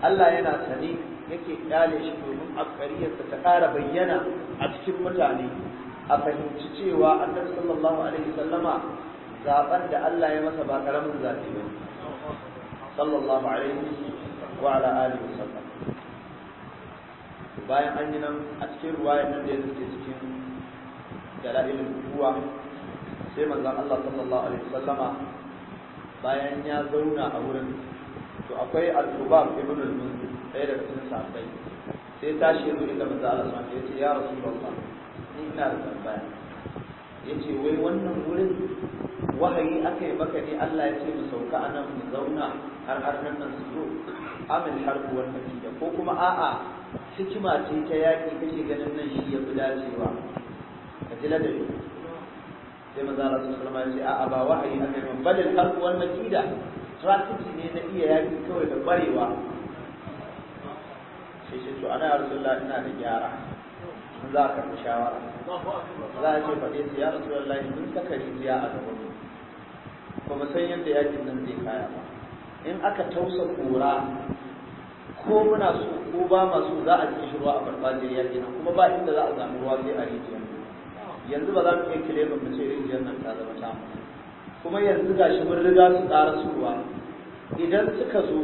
Allah yana sani yake kyale shi domin afkariyarsa ta ƙara bayyana a cikin mutane a fahimci cewa annabi sallallahu alaihi sallama zaben da Allah ya masa ba karamin zafi ba sallallahu alaihi wa ala alihi wasallam bayan an yi nan a cikin ruwayar nan da ya zuke cikin dalilin ruwa sai manzon Allah sallallahu alaihi wasallama bayan ya zauna a wurin to akwai al-Qubab ibn al-Munzir ɗaya daga cikin sahabbai sai tashi yanzu inda manzo Allah sallallahu alaihi wasallam ya Rasulullah ni ina da tambaya yace wai wannan wurin wahayi akai maka ne Allah ya ce mu sauka anan mu zauna har har nan su zo amin harbu wal natija ko kuma a'a hikima ce ta yaki kake ganin nan shi yafi dacewa ka ji ladabi sai maza Allah sallallahu alaihi wasallam ya a'a ba wahayi akai man bal al harbu wal natija strategy ne na iya yaki kawai da barewa sai sai to ana ya rasulullah ina da gyara za ka fi shawara za a ce faɗe su ya rasu rasulullah mun saka rijiya a gaban kuma san yadda yakin nan zai kaya ba in aka tausa kura ko muna so ko ba masu za a ji ruwa a farfajiyar gina kuma ba inda za a samu ruwa sai a rijiya yanzu ba za mu iya kire mu ce rijiyar nan ta zama tamu kuma yanzu shi mun riga su tsara su ruwa idan suka zo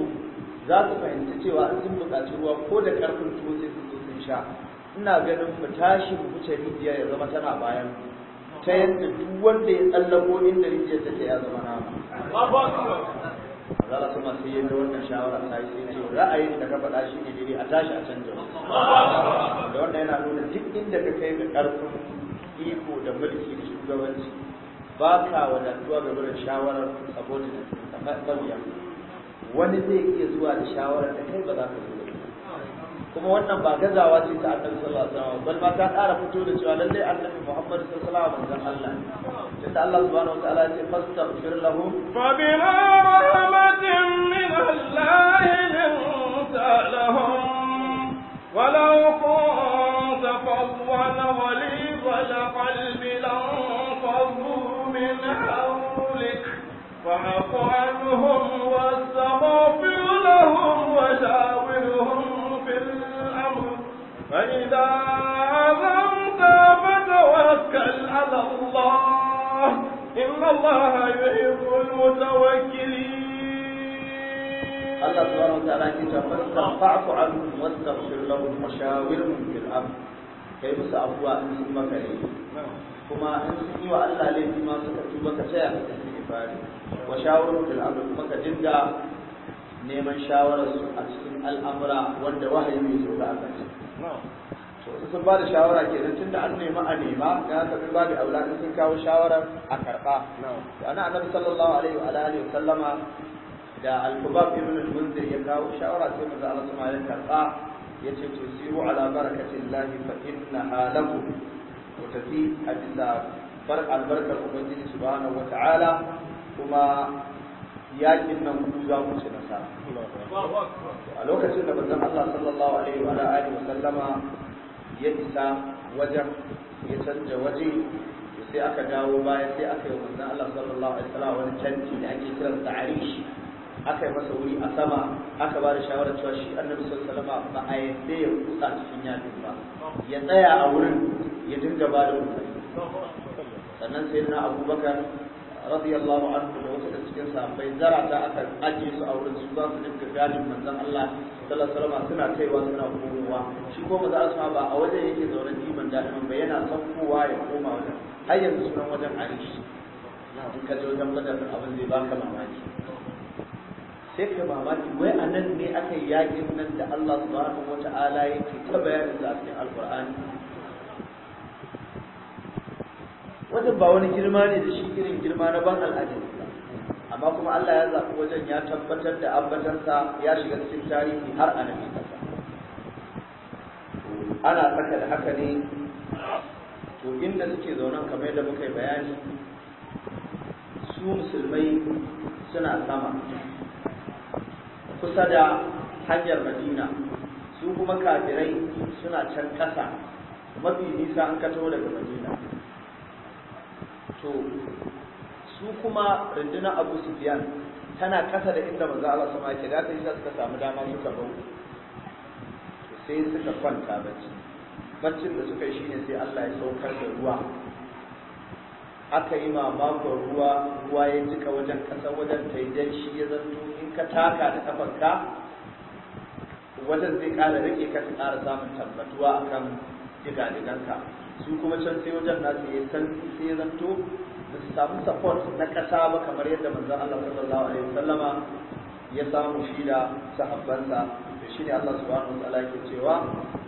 za su fahimci cewa an sun buƙaci ruwa ko da ƙarfin tuwo sai sun zo sun sha ina ganin mu tashi mu wuce rijiya ya zama tana bayan ta yadda duk wanda ya tsallako inda rijiyar take ya zama nama za kuma sai ya ga wannan shawara ta yi sai ra'ayin da ka faɗa shi ne dai a tashi a canja da wannan yana nuna duk inda ka kai ga ƙarfin iko da mulki da shugabanci ba ka wadatuwa ga wurin shawarar abokin mabiya wani zai iya zuwa da shawarar da kai ba za ka zo kuma wannan ba gazawa ce ta annabi sallallahu alaihi wasallam bal ma ta ƙara fito da cewa lalle annabi Muhammad sallallahu alaihi wasallam manzon Allah ta Allah subhanahu wa ta'ala ce fastaghfir lahum fa bima rahmatin min Allah lanta lahum walau kunta wali ولو كنت فظا غليظ القلب لانفضوا من حولك wa عنهم lahum wa وشاورهم الأمر فإذا عزمت فتوكل على الله إن الله يحب المتوكلين الله سبحانه وتعالى كتاب فاستغفعت عنهم واستغفر لهم وشاورهم في الأمر كيف سأبوى أن يسمك كما أن سني وأن لا ليس ما ستتوبك شيئا في وشاورهم في الأمر كما كجنجا neman shawararsu a cikin al'amura wanda wahayi bai zo da aka to sun ba da shawara ke kenan tun da an nema a nema ya tafi ba da aula sun kawo shawara a karɓa, to ana annabi sallallahu alaihi wa alihi wa sallama da al-kubab ibn al-munzir ya kawo shawara sai manzo Allah subhanahu ya karba yace to siru ala barakatillahi fa innaha lakum to tafi a bisa bar albarkar ubangiji subhanahu wa ta'ala kuma yakin nan ku za mu ci nasara a lokacin da manzon Allah sallallahu alaihi wa alihi wa sallama ya isa wajen ya canja waje sai aka dawo baya sai aka yi manzon Allah sallallahu alaihi wa sallam wani canji da ake kiran da arish aka yi masa wuri a sama aka ba da shawarar cewa shi annabi sallallahu alaihi ba a yadda ya kusa cikin yakin ba ya tsaya a wurin ya dinga ba da sannan sai na abubakar radiyallahu anhu da wasu da cikin sahabbai zarata aka ajiye su a wurin su ba su dinga gadin manzon Allah sallallahu alaihi wasallam suna kaiwa suna komowa shi ko maza asma ba a wajen yake zaune diban daliman bai yana saukowa ya koma wajen har yanzu sunan wajen arishi in ka je wajen badar abin zai baka mamaki sai ka mamaki wai a nan ne aka yi yaƙin nan da Allah subhanahu wata'ala yake ta bayanin da a cikin alqur'ani Wajen ba wani girma ne da shi irin girma na ban al'adun amma kuma Allah ya zaɓi wajen ya tabbatar da ambatansa ya shiga cikin tarihi har a nan ana tsaka da haka ne to inda suke zaunan kamar yadda muka yi bayani su musulmai suna sama kusa da hanyar madina su kuma kafirai suna can ƙasa mafi nisa an kato daga madina to su kuma rundunar abu sufiyan tana kasa da inda manzo Allah sama yake da sai suka samu dama ka bau sai suka kwanta bacci baccin da suka yi shine sai Allah ya saukar da ruwa aka yi mamakon ruwa ruwa ya jika wajen kasa wajen taidan shi ya zanto in ka taka da kafanka wajen zai kara rike ka ƙara samun tabbatuwa akan diganka su kuma can sai wajen na ya santi sai ya zanto ba su samu support na ƙasa ba kamar yadda manzon Allah sallallahu alaihi wasallama ya samu shi da sahabbansa to shine Allah subhanahu wa ta'ala yake cewa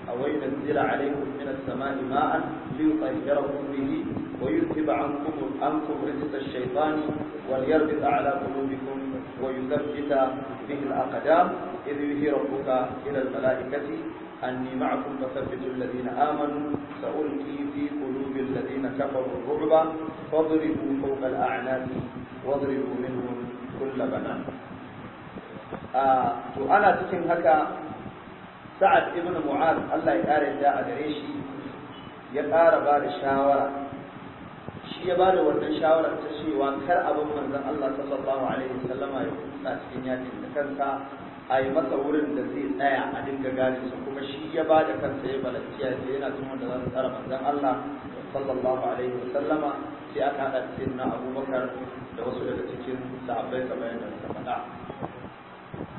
awai yanzila alaikum min as-sama'i ma'an liyutahhirakum bihi wa yuthiba ankum ankum rijsa ash-shaytani wa liyarbit ala qulubikum wa yuthabbita bihi al-aqdam idh yuhi rabbuka ila al-mala'ikati أني معكم فثبت الذين آمنوا سألقي في قلوب الذين كفروا الرعب فاضربوا فوق الأعناق واضربوا منهم كل بنان آه، أنا تكن هكا سعد ابن معاذ الله يقارن جاء دريشي يقار بار الشاورة شي يبار ورن شاورة تشي وانكر أبو منزل الله صلى الله عليه وسلم يقول ساتفين ياتي النكنسة a yi masa wurin da zai tsaya a dinga gane su kuma shi ya ba da kansa ya balanci balanciya ce yana cin wanda za su tsara manzon Allah sallallahu alaihi wa sallama sai aka haɗa cikin na Abubakar da wasu daga cikin sahabbai kamar yadda suka faɗa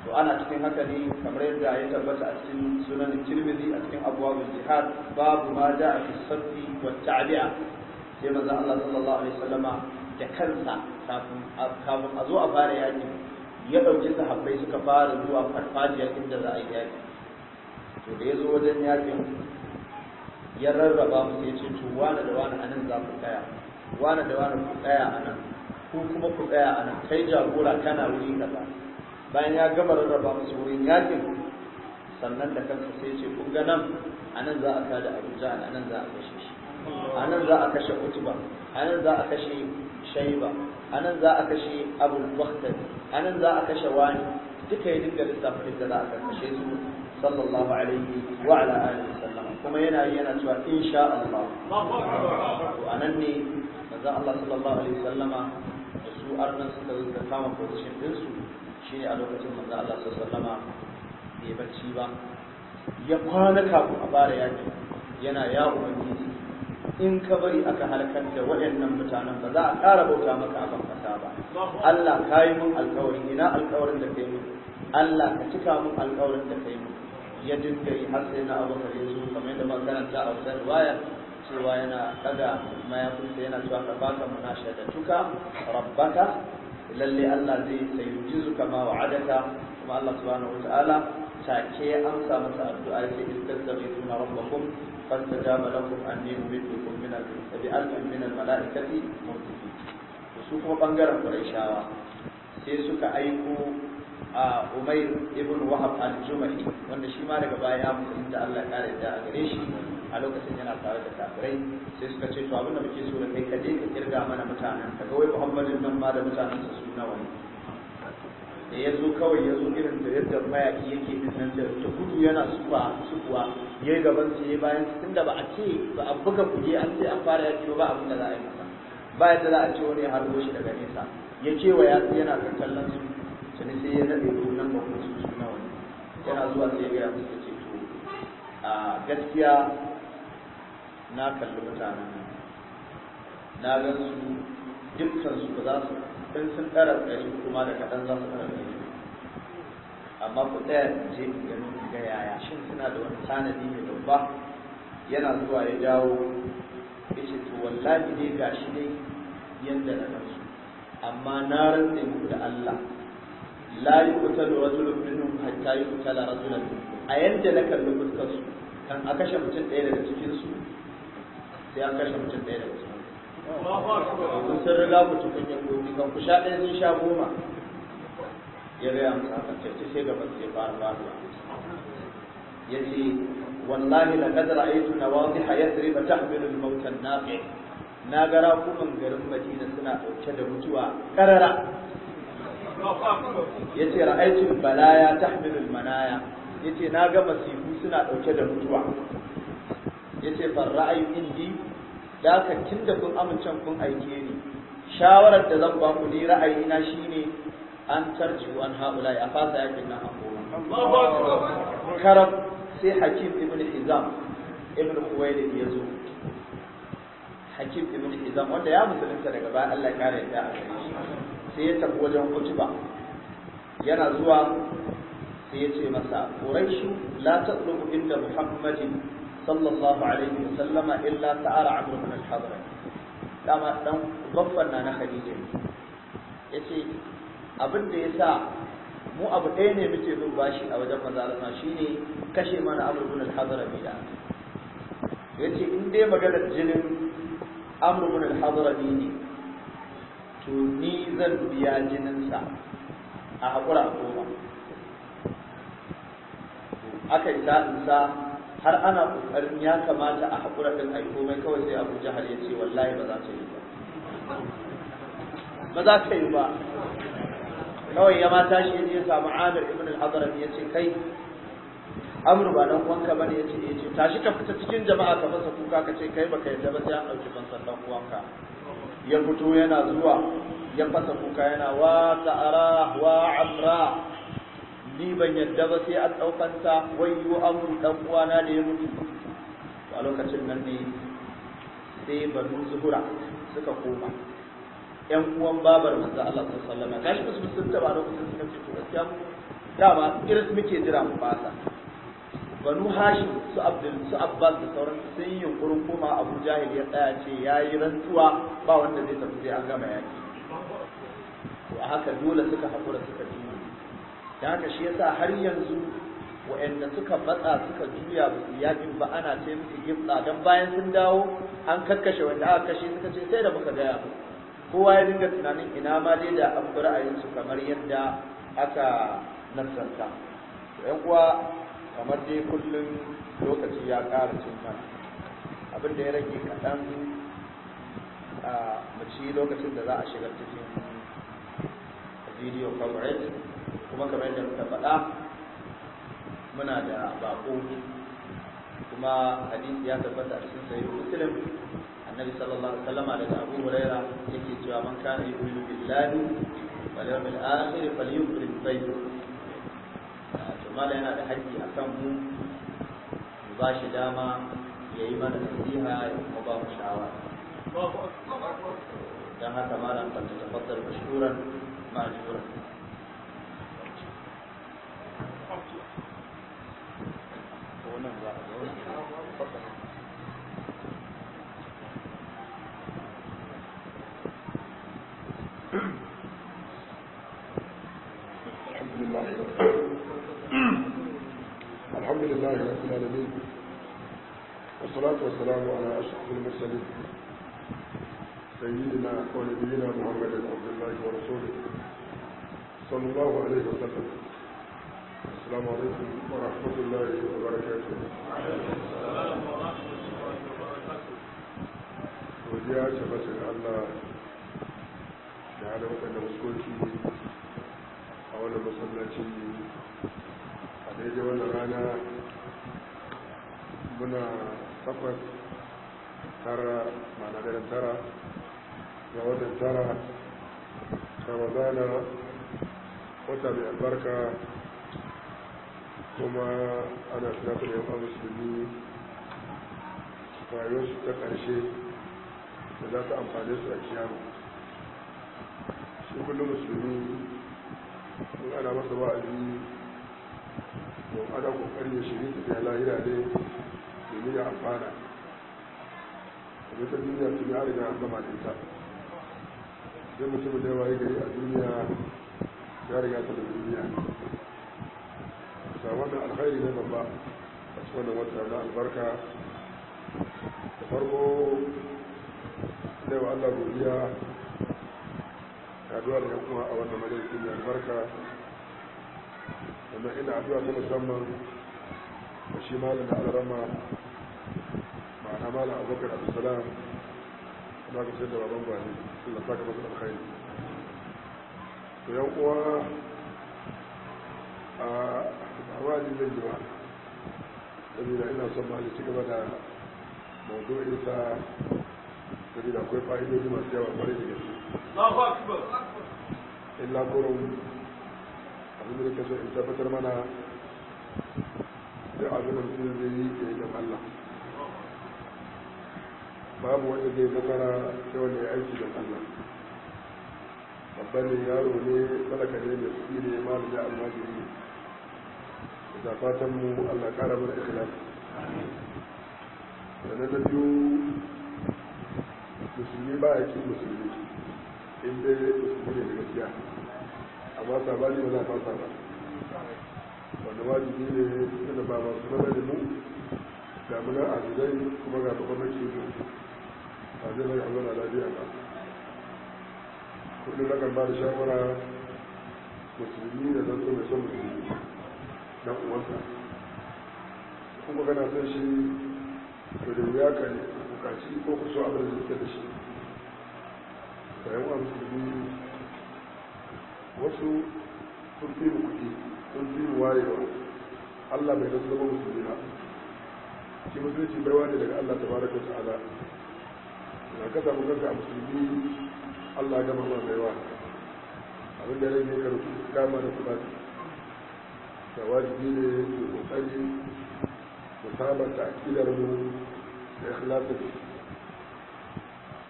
to ana cikin haka ne kamar yadda ya tabbata a cikin sunan Tirmidhi a cikin abwabul jihad babu ma ja'a fi sabbi wa ta'bi'a sai manzon Allah sallallahu alaihi wa sallama da kansa kafin a zo a fara yaƙi ya ɗauki sahabbai suka fara zuwa farfajiya inda za a yi yaki to da ya zo wajen yakin ya rarraba musu ya ce to wane da wane anan za ku tsaya wane da wane ku tsaya anan ku kuma ku tsaya anan kai jagora kana wuri kaza bayan ya gama rarraba musu wurin yakin sannan da kansa sai ce kun ga nan anan za a kada Abuja, anan za a kashe shi anan nan za a kashe Utuba anan za a kashe shaiba anan za a kashe abul bakhtari anan za a kashe wani duka ya dinga lissafin da za a kashe su sallallahu alaihi wa ala alihi wasallam kuma yana yana cewa insha Allah to anan ne manzon Allah sallallahu alaihi sallama, da su arnan suka zo da kama position din su shine a lokacin manzon Allah sallallahu alaihi wasallama bai bacci ba ya kwana kafin a fara yaki yana ya ubangiji in ka bari aka halakar da waɗannan mutanen ba za a ƙara bauta maka akan kasa ba Allah ka yi mun alƙawarin ina alƙawarin da kai mun Allah ka cika mun alƙawarin da yi mun ya dinga yi har sai na abubakar ya zo kamar yadda makaranta a wata riwaya cewa yana kada mayafinsa yana cewa ka baka munasha da tuka rabbaka lalle Allah zai sai yujizu kama wa'adaka kuma Allah subhanahu wataala take amsa masa addu'a sai istaghfiru rabbakum فاستجاب لهم أني ممدكم من بألف من الملائكة مردفين su kuma ɓangaren Qurayshawa sai suka aiko a Umair ibn Wahab al-Jumahi wanda shi ma daga baya ya mutu inda Allah ya kare da a gare shi a lokacin yana tare da kafirai sai suka ce to abin da muke so da kai ka je ka kirga mana mutanen ka ga wai Muhammadin nan ma da mutanen su nawa ne da ya zo kawai ya zo irin da yadda mayaki yake din nan da ta gudu yana sukuwa sukuwa ya yi gaban su ya bayan su da ba a ce ba a buga kuje an ce an fara yaki ba abin da za a yi masa ba yadda za a ce wani ya harbo shi daga nesa ya ce wa yatsu yana kan kallon su ne sai ya nade ko nan ba kuma su na wani yana zuwa sai ya gaya musu ce to a gaskiya na kalli mutanen na gan su dukkan su ba za su sai sun ɗara ɗari kuma da kaɗan za su ɗara ɗari amma ku ɗaya je ku gani ku ga yaya shin suna da wani tanadi mai babba yana zuwa ya dawo ya ce to wallahi ne ga shi dai yadda na gansu amma na rantse muku da Allah la da wasu minhum hatta wasu rajulun a yadda na kalli fuskar su kan a kashe mutum ɗaya daga cikin su sai an kashe mutum ɗaya daga cikin in sun riga ku cikin ya komi kan ku sha ɗaya sun sha goma ya gaya musu a cece sai gaba sai fara faruwa ya ce wallahi la qad ra'aytu nawadhiha yathrib tahmilu al-maut an-naqi na ga rakunan garin Madina suna dauke da mutuwa karara ce ra'aytu balaya tahmilu al-manaya Ya ce na ga masifu suna dauke da mutuwa Ya ce far ra'ayi indi da aka tun da kun amincan kun aike ni shawarar da zan ba ku ni ra'ayina shine an tarji an haula ya fasa yakin na a Karam sai hakim ibn izam ibn huwailid ya zo hakim ibn izam wanda ya musulunta daga baya Allah ya kare da sai ya tafi wajen kutuba yana zuwa sai ya ce masa quraishu la tatlubu inda muhammadin صلى الله عليه وسلم إلا تعالى عمرو بن الحضرة دام دام ضفنا أنا يسي abin da ya sa mu abu ɗaya ne muke bin bashi a wajen mazalama shine kashe mana amr ibn al-hadrami da yace in dai maganar jinin amr ibn al-hadrami ne to ni zan biya jinin sa a hakura goma aka yi sa'in sa har ana kokarin ya kamata a haƙura ɗin a komai kawai sai abu jihar ya ce wallahi ba za ta yi ba ba za ta yi ba kawai ya ma tashi ya samu amir ibn al-hazrat ya ce kai amru ba nan wanka bane ya ce ya eh, ce tashi ka fita cikin jama'a ka fasa kuka ka ce kai baka ka yarda ba sai an ɗauki fansan dan uwanka ya fito yana zuwa ya fasa kuka yana wa ta'ara wa amra ni ban yadda ba sai an ɗaukansa wayo amur ɗan uwana da ya mutu a lokacin nan ne sai banu zuhura suka koma Yan uwan babar manzo Allah sallallahu alaihi wasallam gashi musu sun taba lokacin suka ce to gaskiya dama irin muke jira mu fasa banu hashim su abdul su abbas da sauran sun yi yunkurin koma abu jahil ya tsaya ce yayi rantsuwa ba wanda zai tafi sai an gama yaki to a haka dole suka hakura suka ji da haka shi yasa har yanzu wa'anda suka matsa suka juya ba su yakin ba ana sai musu gifta dan bayan sun dawo an kakkashe wanda aka kashe suka ce sai da muka gaya kowa ya dinga tunanin ina ma dai da an bi su kamar yadda aka nasarta yan uwa kamar dai kullum lokaci ya ƙara cin mana abin da ya rage kaɗan a mace lokacin da za a shiga cikin video coverage kuma kamar yadda muka faɗa muna da baƙo kuma hadisi ya tabbata a cikin sahih muslim annabi sallallahu alaihi wasallam daga abu huraira yake cewa man kana yu'minu billahi wal yawmil akhir falyukrim sayyidu to mala yana da haƙƙi akan mu mu ba shi dama yayi mana nasiha ya kuma ba mu shawara dan haka mala fa tafaddal mashhuran ma'juran الحمد لله رب العالمين والصلاة والسلام على أشرف المرسلين سيدنا ونبينا محمد عبد الله ورسوله صلى الله عليه وسلم السلام عليكم ورحمة الله وبركاته godiya ta masu Allah da hada waɗanda a wannan masallaci a daidai wannan rana muna takwas tara mana daren wata mai albarka kuma ana tunatar yan kwan musulmi su ta ƙarshe da za ta amfane su a kiyama shi kullum musulmi sun ana masa wa'azi don ana ƙoƙari ya shiri ta fiye lahira ne domin ya amfana da ta duniya tun ya riga an gama da ita sai mutum da yawa yi gari a duniya ya riga ta da duniya wata wannan alkhairi ne babba a cikin wannan wata na albarka da farko da wa Allah godiya haduwa da kuma a wannan majalisi mai albarka sannan ina addu'a ta musamman da shi malam da alarama ma'ana malam abubakar abdulsalam da ga sayar da baban bani Allah saka masa alkhairi to yan uwa wani zai yi wa Sabida ina son ma ci gaba da maudu'insa saboda akwai fa'idoji masu yawa kwarai da gaske illa kurun abin da ke so in tabbatar mana sai abin da mutum zai yi ke da Allah babu wanda zai nasara sai wanda ya aiki da Allah babban yaro ne talaka ne da su ne ya almajiri ne da fatan mu Allah ƙara mana ikhlas da biyu musulmi ba ya ce musulmi in dai musulmi ne da gaskiya amma sabani ba za ta fasa ba wanda wajibi ne suna ba masu mana da mu ga muna azizai kuma ga gwamnati ne ba zai mai zauna lafiya ba kudin rakan ba da shawara musulmi da zan so mai son musulmi dan uwansa kuma kana son shi to da wuya ka bukaci ko ku so abin da da shi da yawa musulmi wasu sun fi mu kuɗi sun fi mu wayewa Allah bai zama zama musulmi ba shi musulunci baiwa ne daga Allah tabaraka ta'ala na ka samu kanka a musulmi Allah gama ma baiwa abin da ya rage ka rufe dama da kuma da wajibi ne ke kokari mu sabanta akidar mu da ikhlasin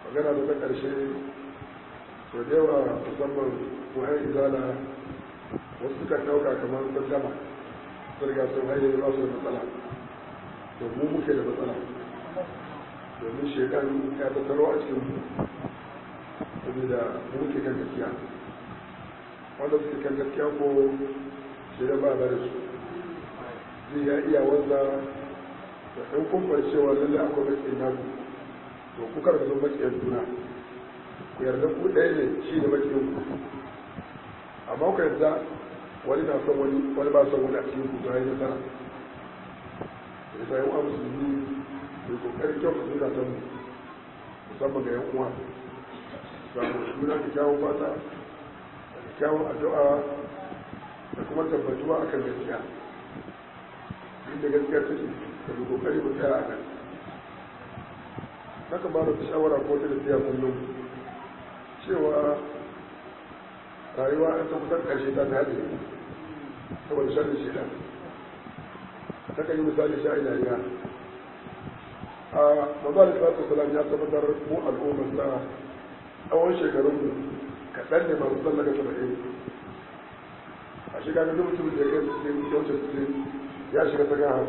magana da ta karshe sau da yawa musamman kuhai izala wasu suka ɗauka kamar sun gama sun riga sun haye ba su da matsala to mu muke da matsala domin shekar ya tattaro a cikin mu saboda mu muke kan gaskiya wanda suke kan gaskiya ko idan ba na da su zai ya iya wanda da in kun cewa lallai akwai matsayin naku to ku karka zo matsayin juna ku yarda ku ɗaya ne shi da matsayin ku amma ku yarda wani na son wani wani ba son wani a cikin ku to ya yi nasara da yasa yan musulmi mai kokarin kyau su zuka ta mu musamman ga yan uwa samu juna da kyawun fata da addu'a da kuma tabbatuwa a kan gaskiya inda gaskiya ce da duk kokari mu tsaya a kan nakan ba da shawara ko ta tafiya kullum cewa rayuwa an ta kusan ƙarshe ta ta ne saboda sharri shi ta ta kan yi misali sha ina ya a mazalin salatu salam ya tabbatar mu al'ummar sa tsawon shekarun kaɗan ne masu tsallaka saba'in a shiga da mutumin da ya kai ya ya shiga ta gan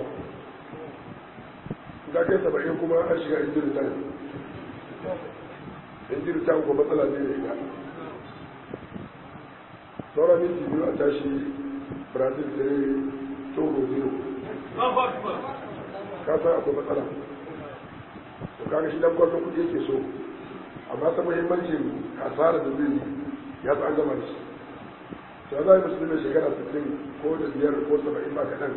ga kai saba'in kuma an shiga injin tan injin ko matsala ne da ina sauran minti biyu a tashi brazil ta yi togo zero ka san akwai matsala to kaga shi dan kwallon kuɗi so amma ta muhimmancin asara da gama to a yi musulmi shekara 60 ko da biyar ko 70 ba kaɗan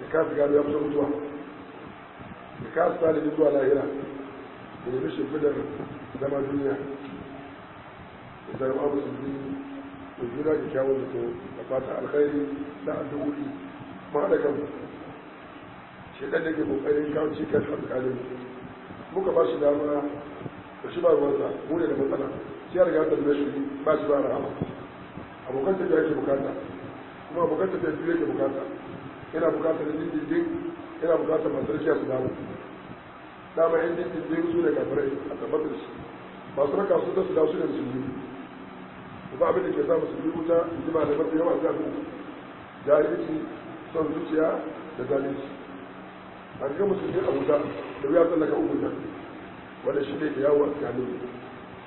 da kasu gano ya kusa mutuwa da kasu sa da zuwa lahira da nemi shimfidar zama duniya da zama musulmi da juna da kyawun da to da fata alkhairi na addu'o'i ma haɗa shi shekar da ke kokarin kawo cikin a muka ba shi dama da shi ba ruwansa mu da matsala shi ya riga da shi ba shi ba rahama abokan tafiya ke bukata kuma abokan tafiya biyu yake bukata yana bukatar dindindin yana bukatar masu rikiya su damu dama yan dindindin su ne kafirai a tabbatar shi masu raka su ta su da ne musulmi ba abin da ke sa musulmi wuta ji ba da mafi yawa za su jahilci son zuciya da zalunci a cikin musulmi a wuta da wuya tsallaka uku nan wanda shi ne da yawo a tsakanin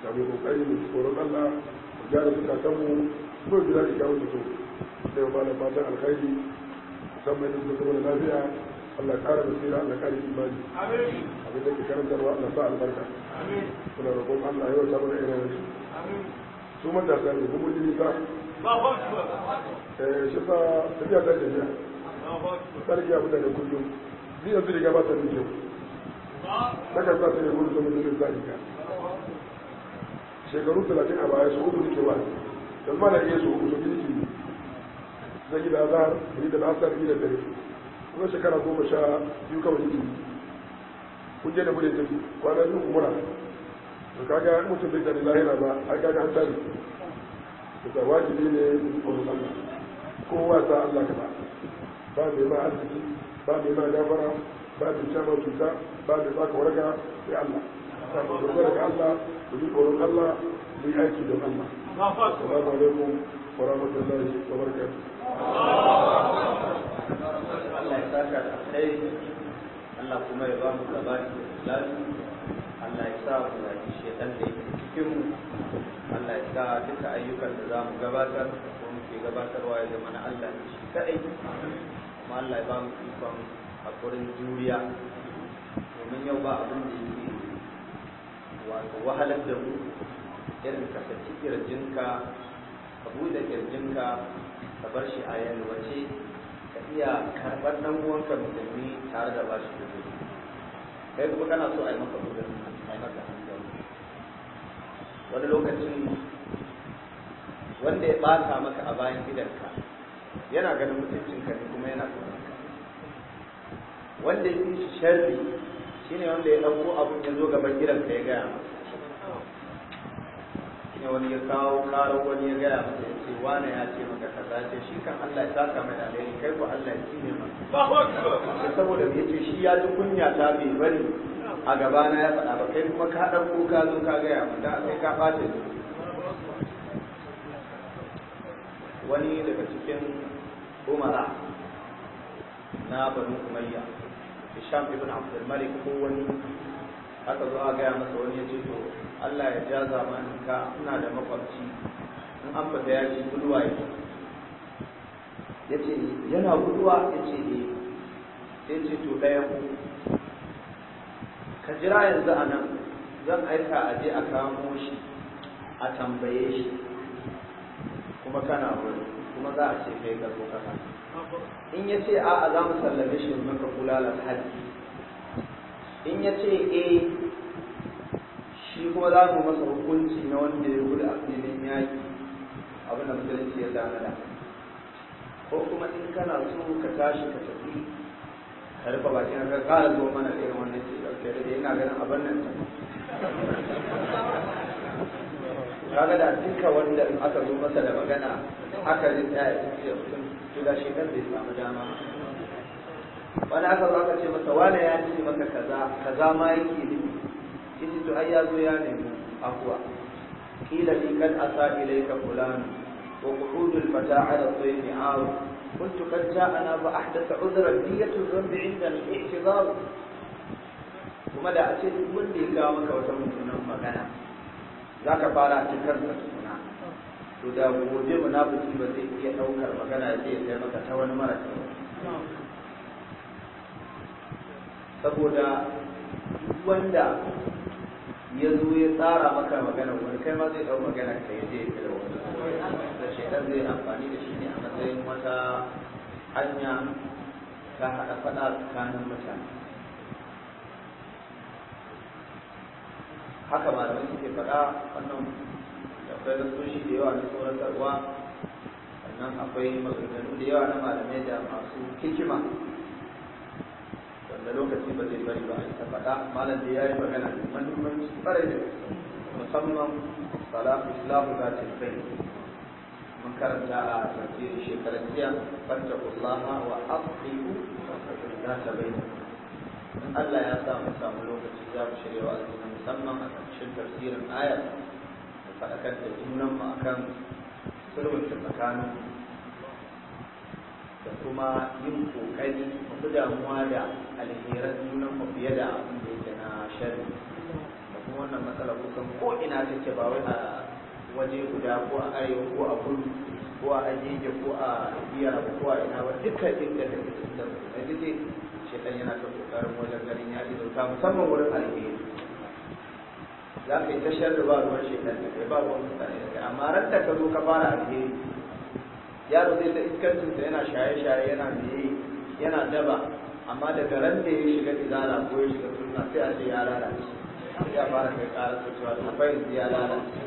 da mai kokari mai tsoron allah mu gyara zukatanmu kuma da za ki kawo mutum sai ba da fatan alkhairi musamman yadda suka zama lafiya Allah ƙara basira Allah ƙara imani abin da ke karantarwa Allah sa albarka suna roƙon Allah yau ta mana irin su su matasa ne kuma jini ta eh, shi sa tafiya ta jami'a tsarki abu da ne kullum ni yanzu riga ba ta min kyau daga za ta ne gudu ta mutum zai riga shekaru talatin a baya su hudu ke wa'azi salman ya so so girki zai yi da da yi da asar yi da dare kuma shekara goma sha biyu kawai yake kun je da bude tafi kwana biyu kuma na to kaga mutum bai tsari lahira ba ai kaga an tsari da wajibi ne tsoron Allah kowa ta Allah ka ba mai ma arziki ba mai ma gafara ba mai cama cuta ba mai baka waraka sai Allah ta ba da Allah ku ji tsoron Allah ku yi aiki don Allah السلام عليكم ورحمة الله وبركاته Allah ya saka da kai Allah kuma ya ba mu labari da Allah ya sa mu da shedan da yake cikin mu Allah ya sa duka ayyukan da zamu gabatar ko muke gabatarwa ya na Allah ne shi kadai kuma Allah ya ba mu juriya domin yau ba yake wato wahalar da mu irin ka saki kirjinka ka buɗe kirjinka ka bar shi a yalwace ka iya karɓar ɗan uwanka musulmi tare da bashi kuɗi kai kuma kana so a yi maka buɗe a yi maka hankali wani lokacin wanda ya ɓata maka a bayan gidanka yana ganin mutuncinka ne kuma yana tsoronka wanda ya fi shi sharri shine wanda ya ɗauko abin ya zo gaban gidanka ya gaya masa wani ya kawo karo wani ya gaya masa ya ce wane ya ce maka kaza ce shi kan Allah ya saka mai alheri kai ko Allah ya kine maka saboda me yace shi ya ji kunya ta bai bari a gabana ya faɗa ba kai kuma ka ɗauko ka zo ka gaya mu da sai ka fata wani daga cikin umara na banu umayya hisham ibn abdul malik ko wani aka zo a gaya masa wani ya ce to Allah ya ja zamanin ka ina da makwabci in an fita ya ce guduwa ya ya ce yana guduwa ya ce ne eh. ya ce to ɗaya ku ka jira yanzu a nan zan aika a je a kamo shi a tambaye shi kuma kana wani kuma za a ce kai ga zo kasa in ya ce a'a za mu sallame shi yanzu ka kula da hajji in ya ce e shi ko za mu masa hukunci na wanda ya gudu a filin yaƙi abin da musulunci ya tanada ko kuma in kana so ka tashi ka tafi ka rufe na ka zo mana irin wannan ke ɗauke da yana ganin abin nan ta kaga da duka wanda in aka zo masa da magana aka zai tsaya ya cikin mutum to da shekar bai samu dama wani aka zo aka ce masa wane ya ce maka kaza kaza ma yake nufi shi to ai zo ya nemi afuwa kila li kad asa ilayka fulan wa qudul fata ala sayyidi aw قلت قد جاءنا فأحدث عذرا دية الذنب عند الاعتذار kuma da a ce duk wanda ya kawo maka wata mutunan magana za ka fara a cikin kansa tukuna to da gobe mu munafiki ba zai iya ɗaukar magana zai kai maka ta wani mara saboda wanda ya zo ya tsara maka magana wani kai ma zai dau magana ka yi zai fi da wani da shaidan zai amfani da shi ne a matsayin wata hanya ta haɗa faɗa tsakanin mutane haka malamai suke faɗa wannan da akwai rasoshi da yawa na tsoratarwa sannan akwai maganganu da yawa na malamai da masu hikima da lokaci ba zai bari ba a ta faɗa malam da ya yi magana da mahimmanci ƙwarai da musamman salatu islahu za ta bai mun karanta a tafsirin shekarar jiya farta kullama wa asbihu za ta bai in Allah ya sa mu samu lokaci za mu shirya wa azumi musamman a ƙarshen tafsirin aya da faɗakar da junan mu akan sulhun tsakanin da kuma yin kokari ku damuwa da alheran sunan mu fiye da abin da yake na sharri da kuma wannan matsala kusan ko ina take ba wai a waje guda ko a arewa ko a kudu ko a ajiye ko a biya ko a ina ba dukkan inda da da da shekan yana ta kokarin wajen ganin ya ji dauka musamman wurin alheri za ka yi tashar da ba ruwan shekan da kai ba ruwan mutane da kai amma ran da ka zo ka fara alheri yaro zai ta iskancinsa yana shaye-shaye yana biye yana daba amma daga ran da ya shiga izala ko ya shiga sunna sai a ce ya lalace ya fara kai ƙara su cewa ta bayan ya lalace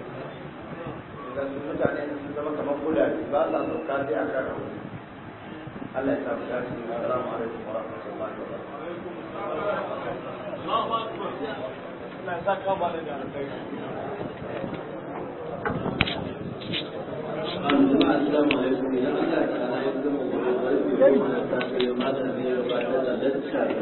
da su mutane su zama kamar kula kudade ba sa sauka sai a kan rauni Allah ya sa mu dace assalamu alaikum wa rahmatullahi wa barakatuh Allahu akbar Allah ya sa ka ba da alkhairi Thank you.